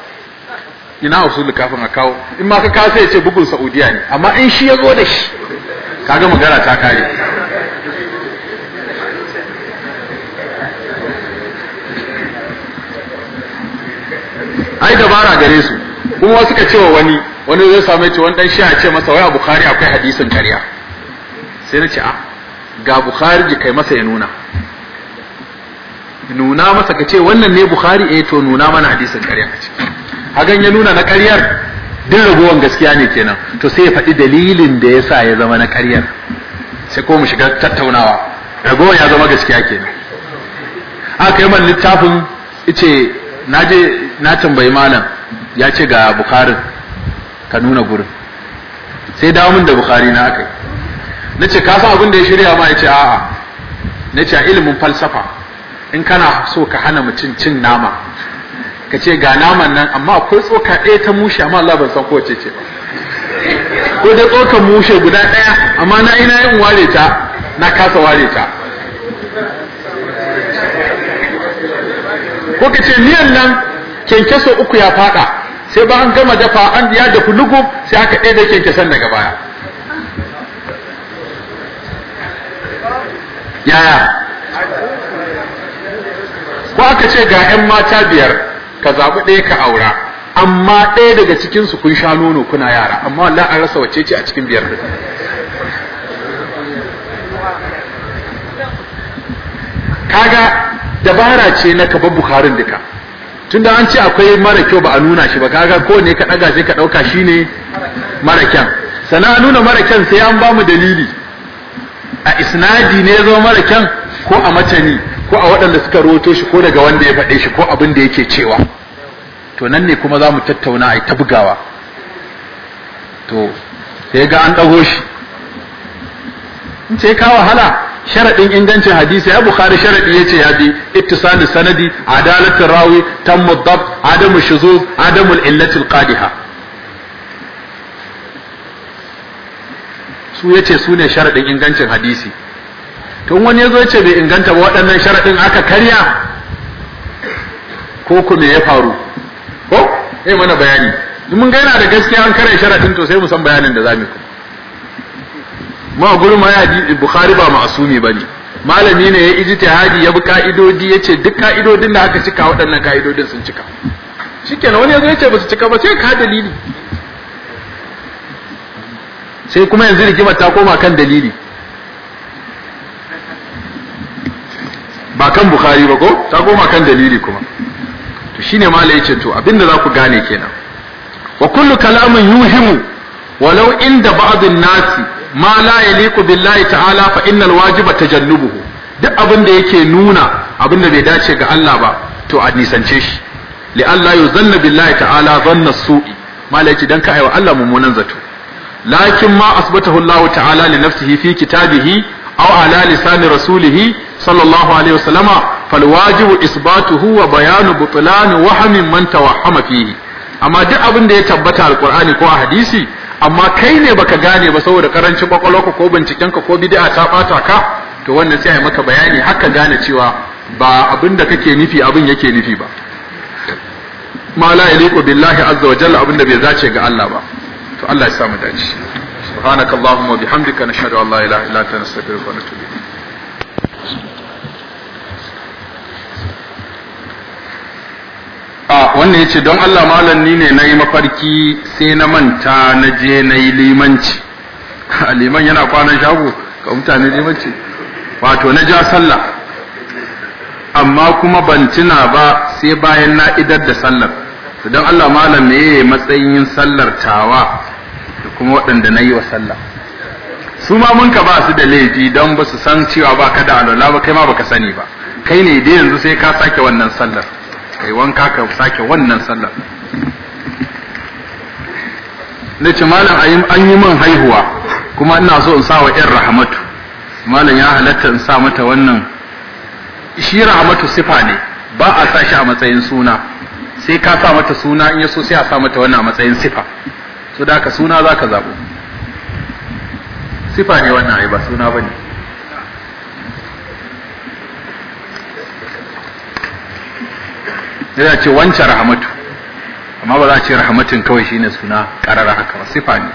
ina wasu likafin a kawo in ma ka kasa ya ce bugun saudiya ne amma in shi ya zo da shi kaga magana ta kare ai dabara gare su kuma wasu ka cewa wani wani zai samu ce wani dan shi a ce masa 'Waya a bukhari akwai hadisin karya sai na ce a ah, ga bukhari ji kai masa ya nuna nuna masa ka ce wannan ne bukhari eh to nuna mana hadisin karya a ciki hagan ya nuna na ƙaryar duk ragowar gaskiya ne kenan to sai ya faɗi dalilin da ya sa ya zama na ƙaryar sai ko mu shiga tattaunawa ragowar ya zama gaskiya kenan aka yi man littafin ice na je na tambayi malam ya ce ga bukarin ka nuna gurin sai dawo min da bukari na akai na ce ka san abin da ya shirya ma ya ce a'a na ce a ilimin falsafa in kana so ka hana mutum cin nama ka ce ga naman nan amma akwai tsoka ɗaya ta mushe amma Allah ban san ko ce ce ko da mushe guda ɗaya amma na yi na yin ware ta na kasa ware ta ko ka ce miyan nan kyankyaso uku ya faɗa sai ba an gama dafa an ya dafu lugu sai aka ɗaya da kyankyasan daga baya yaya ko aka ce ga 'yan mata biyar ka zaɓi ɗaya ka aura amma ɗaya daga cikin su kun sha nono kuna yara amma wallahi an rasa wace ce a cikin biyar da kaga dabara ce na kaba bukharin duka tunda an ce akwai mara kyau ba a nuna shi ba kaga ko ne ka daga sai ka dauka shine mara kyan sana nuna mara kyan sai an ba mu dalili a isnadi ne ya zo mara kyan ko a matani ko a waɗanda suka roto shi ko daga wanda ya faɗe shi ko abin da yake cewa to nan ne kuma za mu tattauna a ta bugawa to sai ga an ɗago shi in ce ka wahala sharaɗin ingancin hadisi ya bukari sharaɗi ya ce ya bi ittisalin sanadi adalatin rawi tammu dab adamu Shizu adamu illatil qadiha su ya ce su ne sharaɗin ingancin hadisi tun wani ya zo ce bai inganta ba waɗannan sharaɗin aka karya ko kuma ya faru ko eh mana bayani mun ga yana da gaskiya an karya sharaɗin to sai mu san bayanin da za mu ma a gurin ma ya bukhari ba ma'asumi ba ne malami ne ya ijtihadi ya bi ka'idodi ya ce duk ka'idodin da aka cika waɗannan ka'idodin sun cika shikenan wani yanzu ya ce ba su cika ba sai ka dalili sai kuma yanzu rigimar ta koma kan dalili kan bukhari ba ko ta koma kan dalili kuma to shine malai yace to abinda za ku gane kenan wa kullu kalamin yuhimu walau inda ba'dun nasi ma la yaliku billahi ta'ala fa innal wajiba tajannubuhu duk abinda yake nuna abinda bai dace ga Allah ba to a nisance shi li Allah yuzanna billahi ta'ala zanna su'i malai yace dan ka aiwa Allah mummunan zato lakin ma asbatahu Allah ta'ala li nafsihi fi kitabihi aw ala lisan rasulihi sallallahu alaihi wasallama falwajibu isbatuhu wa bayanu butlan wahamin man tawahhama fihi amma duk abin da ya tabbata alqur'ani ko a hadisi amma kai ne baka gane ba saboda karancin kwakwalwarka ko bincikenka ko bid'a ta bata ka to wannan sai maka bayani haka gane cewa ba abin da kake nufi abin yake nufi ba ma la yaliqu billahi azza wa jalla abin da bai zace ga Allah ba to Allah ya samu dace subhanakallahumma bihamdika nashhadu an la ilaha illa anta nastaghfiruka wa natubu a wannan ya ce don Allah malam ni ne na yi mafarki sai na manta na je na yi limanci liman yana kwanan shago ga mutane limanci wato na ja sallah amma kuma ban tuna ba sai bayan na idar da sallar don Allah malam me matsayin sallar tawa da kuma waɗanda na yi wa sallah su ma mun ka ba su da laifi don ba su san cewa ba ka da alwala ba kai ma baka sani ba kai ne dai yanzu sai ka sake wannan sallar yi wanka ka sake wannan sallar ce malam ayi an yi min haihuwa kuma ina so in sa wa ƴan rahmatu malam ya halatta in sa mata wannan shi rahmatu sifa ne ba a sa shi a matsayin suna sai ka sa mata suna in yaso sai a sa mata wannan a matsayin sifa so da ka suna zaka zabo sifa ne wannan ai ba suna bane sai ya ce wancan rahmatu amma ba za a ce rahmatin kawai shine suna karara haka ba sifa ne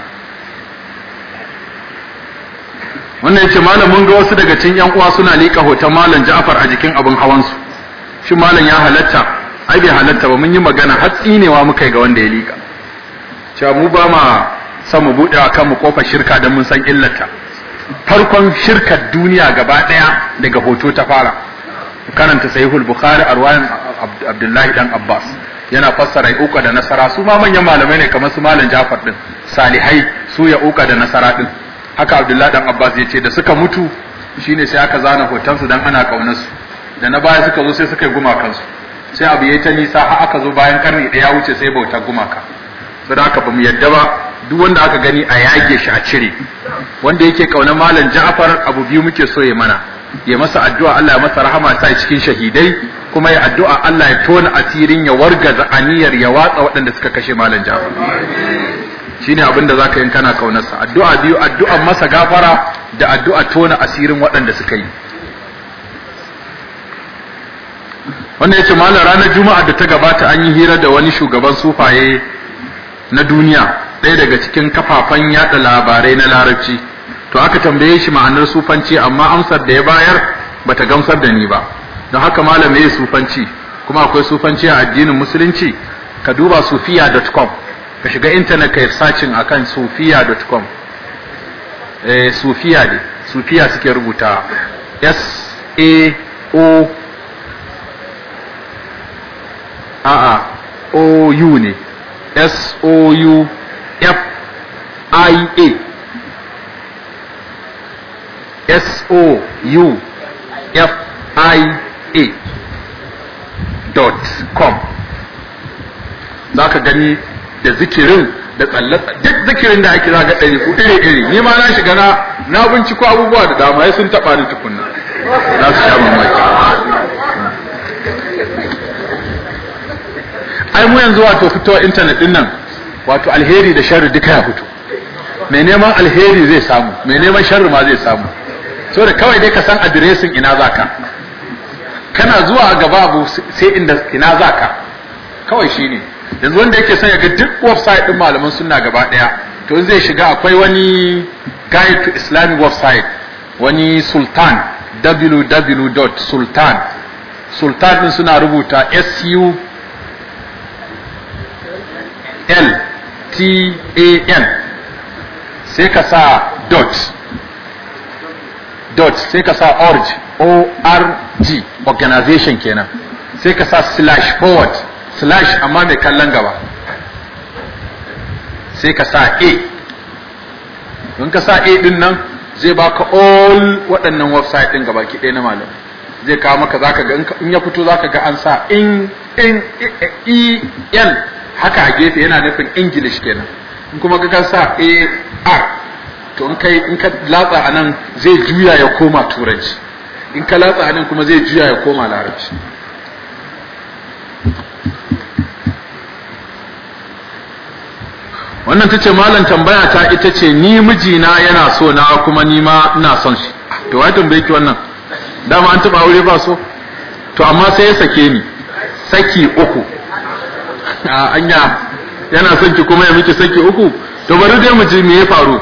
wannan yace malam mun ga wasu daga cikin yan uwa suna lika hoton malam Ja'far a jikin abin hawan su shi malam ya halatta ai bai halatta ba mun yi magana har tsinewa muka yi ga wanda ya lika cewa mu ba ma san mu bude akan mu kofar shirka dan mun san illata farkon shirkar duniya gaba daya daga hoto ta fara karanta sahihul bukhari arwayan Abdullahi dan Abbas yana fassara uka da nasara su ma manyan malamai ne kamar su malam Jafar din salihai su ya uka da nasara din haka Abdullahi dan Abbas ya ce da suka mutu shine sai aka zana hoton su dan ana kaunar su da na baya suka zo sai suka yi gumakan su sai abu yayi ta nisa har aka zo bayan karni daya wuce sai bauta gumaka saboda haka bamu yadda ba duk wanda aka gani a yage shi a cire wanda yake kaunar malam Ja'far abu biyu muke so ya mana ya masa addu'a Allah ya masa rahama sai cikin shahidai kuma ya addu'a Allah ya tona asirin ya wargaza aniyar ya watsa waɗanda suka kashe malam Shi shine abin da zaka yin kana kaunarsa addu'a biyu addua masa gafara da addu'a tona asirin waɗanda suka yi wannan yace malam ranar juma'a da ta gabata an yi hira da wani shugaban sufaye na duniya ɗaya daga cikin kafafen yada labarai na larabci to aka tambaye shi ma'anar sufanci amma amsar da ya bayar bata gamsar da ni ba don haka malam ya sufanci kuma akwai sufanci a addinin musulunci ka duba sufiya.com ka shiga intanet ka yi sacin akan sufiya.com e eh, sufiya ne sufiya suke rubuta s a o a a o u ne s o u f i a s o u f i a dot com za ka gani da zikirin da tsallata duk zikirin da ake zaga ɗari ku iri iri ni ma na shiga na na binciko abubuwa da dama ya sun taɓa ni tukunna za su sha mamaki ai mu yanzu wato fitowa intanet din nan wato alheri da sharri duka ya fito mai neman alheri zai samu mai neman sharri ma zai samu so da kawai dai ka san adiresin ina za ka kana zuwa ga babu sai inda ina za kawai shi ne yanzu wanda yake son ya ga duk website din malaman sunna gaba ɗaya to in zai shiga akwai wani guide to islamic website wani sultan www.sultan sultan din suna rubuta s u l t a n sai ka sa dot dot sai ka sa org org organization kenan sai ka sa slash forward slash amma mai kallon gaba sai ka sa a in ka sa a din nan zai baka all waɗannan website din gaba ɗaya na malam zai kawo maka zaka ga in ya fito zaka ga an sa in in l haka a gefe yana nufin english kenan in kuma ka sa a r to in kai in ka latsa anan zai juya ya koma turanci in ka latsa anan kuma zai juya ya koma larabci wannan tace malam tambaya ta ita ce ni mijina yana so na kuma ni ma ina son shi to wai tambayi ki wannan dama an taba aure ba so to amma sai ya sake ni saki uku a anya yana son ki kuma ya miki saki uku to bari dai mu ji me ya faru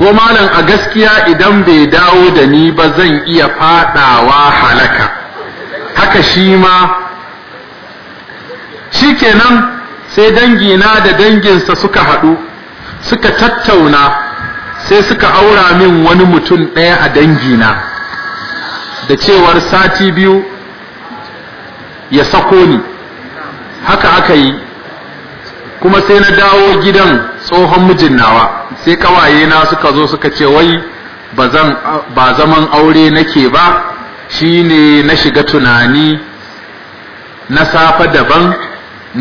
ko malam a gaskiya idan bai dawo da ni ba zan iya fadawa halaka haka shi ma Shi kenan sai dangina da danginsa suka haɗu suka tattauna sai suka aura min wani mutum ɗaya a dangina da cewar sati biyu ya sako ni haka aka yi kuma sai na dawo gidan tsohon mijin nawa sai kawaye na suka zo suka ce wai ba zaman aure nake ba shine na shiga tunani na safa daban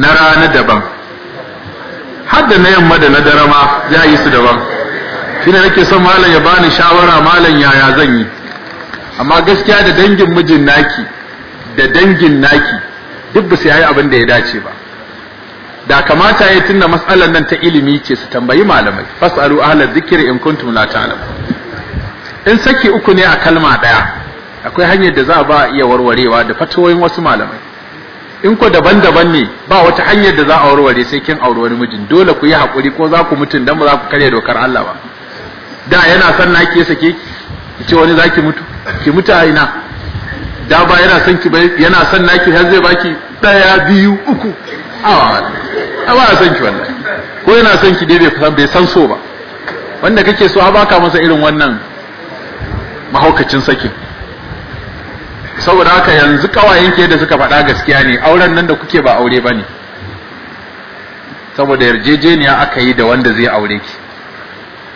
na rana daban hadda na yamma da na darama ya yi su daban shine nake son malam ya bani shawara malam yaya zan yi amma gaskiya da dangin mijin naki da dangin naki duk ba su yayi abin da ya dace ba da kamata ya tunna matsalar nan ta ilimi ce su tambayi malamai fasalu ahla dhikri in kuntum la ta'lam in saki uku ne a kalma daya akwai hanyar da za a ba iya warwarewa da fatoyin wasu malamai in ko daban-daban ne ba wata hanyar da za a warware sai kin aure wani mijin dole ku yi hakuri ko za ku mutun dan ba za ku karya dokar Allah ba da yana son na ke sake ki ce wani zaki mutu ki mutu a ina da ba yana son ki yana son naki har zai baki daya biyu uku a ba san ki wannan ko yana san ki dai bai san so ba wanda kake so a baka masa irin wannan mahaukacin saki saboda haka yanzu kawayen ke da suka faɗa gaskiya ne auren nan da kuke ba aure ba ne saboda yarjejeniya aka yi da wanda zai aure ki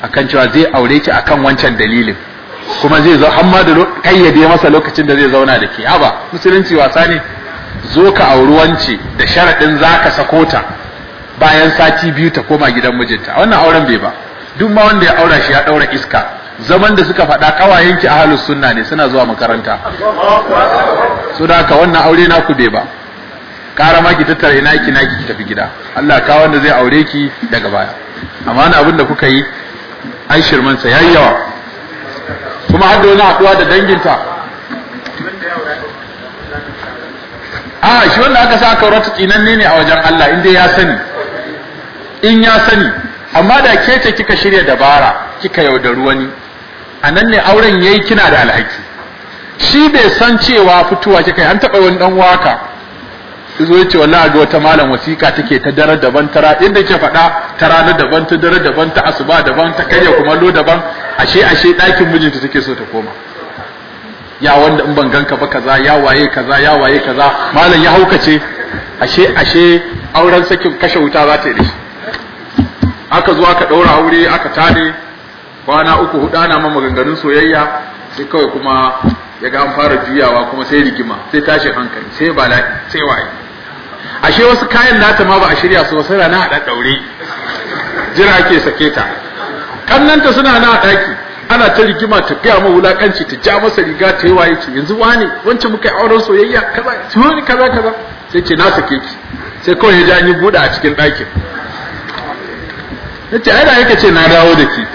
akan cewa zai aure ki akan wancan dalilin kuma zai zo amma da kayyade masa lokacin da zai zauna da ke ba musulunci wasa ne zo ka auri wance da sharaɗin za ka sako ta bayan sati biyu ta koma gidan mijinta wannan auren bai ba duk ma wanda ya aura shi ya ɗaura iska zaman da suka faɗa ƙawayenki halin sunna ne suna zuwa makaranta so da wannan aure naku bai ba kara ma ki tattara ina ki na, ki tafi gida Allah ka wanda zai aure ki daga baya amma wani abin da kuka yi an shirman sa yayi yawa kuma har da wani haɗuwa da danginta a shi wanda aka sa kaurata tsinanne ne a wajen Allah in dai ya sani in ya sani amma da ke ce kika shirya dabara kika yaudaru wani a nan ne auren yayi kina da alhaki shi bai san cewa fituwa kika an taɓa wani dan waka zo ya ce wallahi ga wata malam wasiƙa take ta dare daban tara inda ke faɗa ta rana daban ta dare daban ta asuba daban ta karya kuma lo daban ashe ashe ɗakin mijinta take so ta koma ya wanda in ban ganka ba kaza ya waye kaza ya waye kaza malam ya haukace ashe ashe auren sakin kashe wuta za ta yi aka zo aka ɗaura aure aka tare kwana uku hudu ana ma maganganun soyayya sai kawai kuma ya ga an fara juyawa kuma sai rigima sai tashin hankali sai bala'i sai waye ashe wasu kayan nata ma ba a shirya su ba sai rana a ɗaɗɗaure jira ake sake ta kannanta suna na ɗaki ana ta rigima ta gaya ma wulakanci ta ja masa riga ta yi waye ce yanzu wani wancan muka yi auren soyayya kaza wani kaza kaza sai ce na sake ki sai kawai ya ja an yi buɗe a cikin ɗakin ya ce ai da yake ce na dawo da ki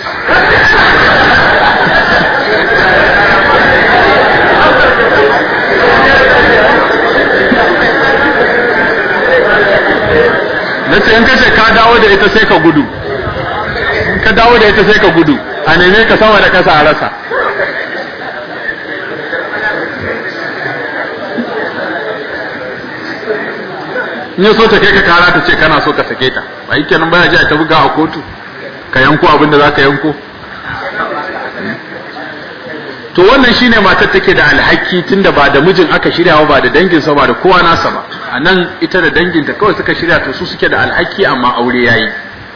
na ce in kace ka dawo da ita sai ka gudu ka dawo da ita sai ka gudu a neme ka sama da kasa a rasa in so ta kai ka kara ta ce kana so ka sake ta a yi kenan baya ji ta buga a kotu ka yanko abin za ka yanko to wannan shine matar take da alhaki tunda ba da mijin aka shirya ba da dangin sa ba da kowa nasa ba a nan ita da danginta kawai suka shirya to su suke da alhaki amma aure yayi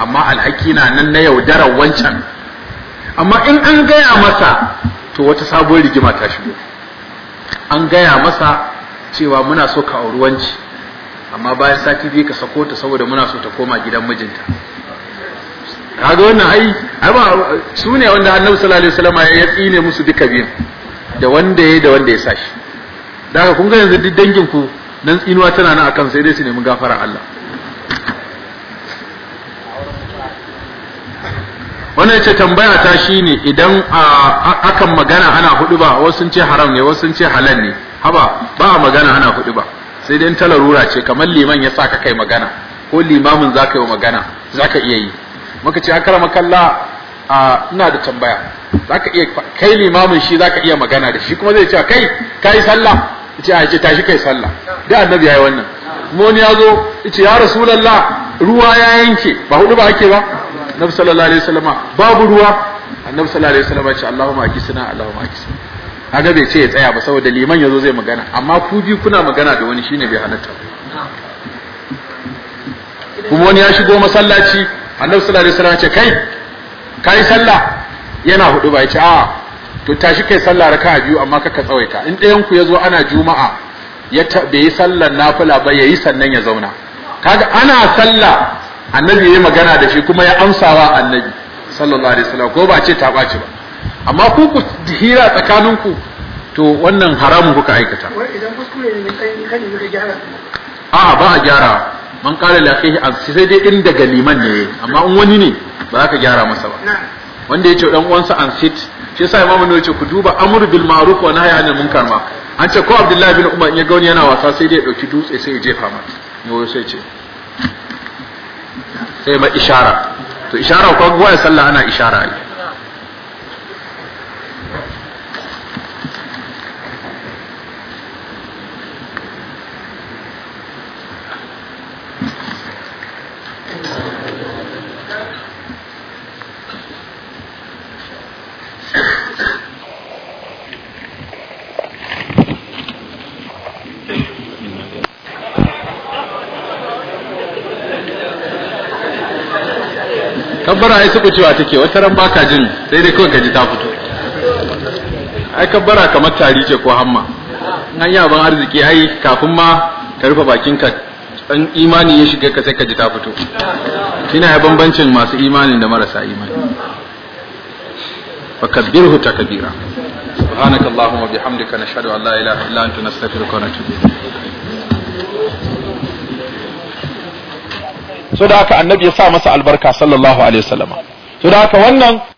amma alhaki na nan na yaudarar wancan amma in an gaya masa to wata sabon rigima ta shigo an gaya masa cewa muna so ka auri wanci amma bayan sati biyu ka sako ta saboda muna so ta koma gidan mijinta kaga wannan ai ai ba su ne wanda Annabi sallallahu alaihi wasallam ya tsine musu duka biyu da wanda ya da wanda ya sashi daga kun ga yanzu duk dangin ku nan tsinuwa tana nan akan sai dai su nemi gafara Allah wannan ce tambaya ta shine idan akan magana ana hudu ba wasu sun ce haram ne wasu sun ce halal ne haba ba a magana ana hudu ba sai dai ta larura ce kamar liman ya sa ka kai magana ko limamin za ka yi magana za ka iya yi muka ce akara makalla ina da tambaya za ka iya kai limamin shi za ka iya magana da shi kuma zai ce kai ka yi sallah ce a ce tashi kai sallah da annabi ya yi wannan kuma wani ya zo ce ya rasulallah ruwa ya yanke ba hudu ba ake ba annabi sallallahu alaihi wasallam babu ruwa annabi sallallahu alaihi wasallam ya ce Allahumma akisna Allahumma akisna kaga bai ce ya tsaya ba saboda liman yazo zai magana amma ku bi kuna magana da wani shine bai halatta kuma wani ya shigo masallaci annabi sallallahu alaihi wasallam ya ce kai kai sallah yana hudu ba ce a to tashi kai sallah raka'a biyu amma kaka tsawaita in ɗayan ku yazo ana juma'a ya bai yi sallar nafila ba yayi sannan ya zauna kaga ana sallah annabi yi magana da shi kuma ya amsa wa annabi sallallahu alaihi wasallam ko ba ce ta ɓaci ba amma ku ku hira tsakaninku to wannan haramun kuka aikata idan ne kan ne gyara a'a ba a gyara man kare lafihi an sai dai daga liman ne amma in wani ne ba za ka gyara masa ba wanda ya ce dan uwansa an sit shi yasa imamu ne ce ku duba amru bil ma'ruf wa nahy anil munkar ma an ce ko abdullahi bin umar in ya ga wani yana wasa sai dai ya dauki dutse sai ya jefa mata ne sai ce sai ma ishara to ishara ko ga sallah ana ishara ai kabbara ai suku cewa take wata ran baka jin sai dai kawai ka ji ta fito ai kabbara kamar tari ce ko hamma nan ya ban arziki ai kafin ma ka rufe bakin ka dan imani ya shiga ka sai ka ji ta fito kina ya bambancin masu imanin da marasa imani فكبره تكبيرا subhanakallahumma ta nashhadu an la ilaha illa anta nastaghfiruka wa natubu so da haka annabi ya sa masa albarka sallallahu alaihi wasallam so da haka wannan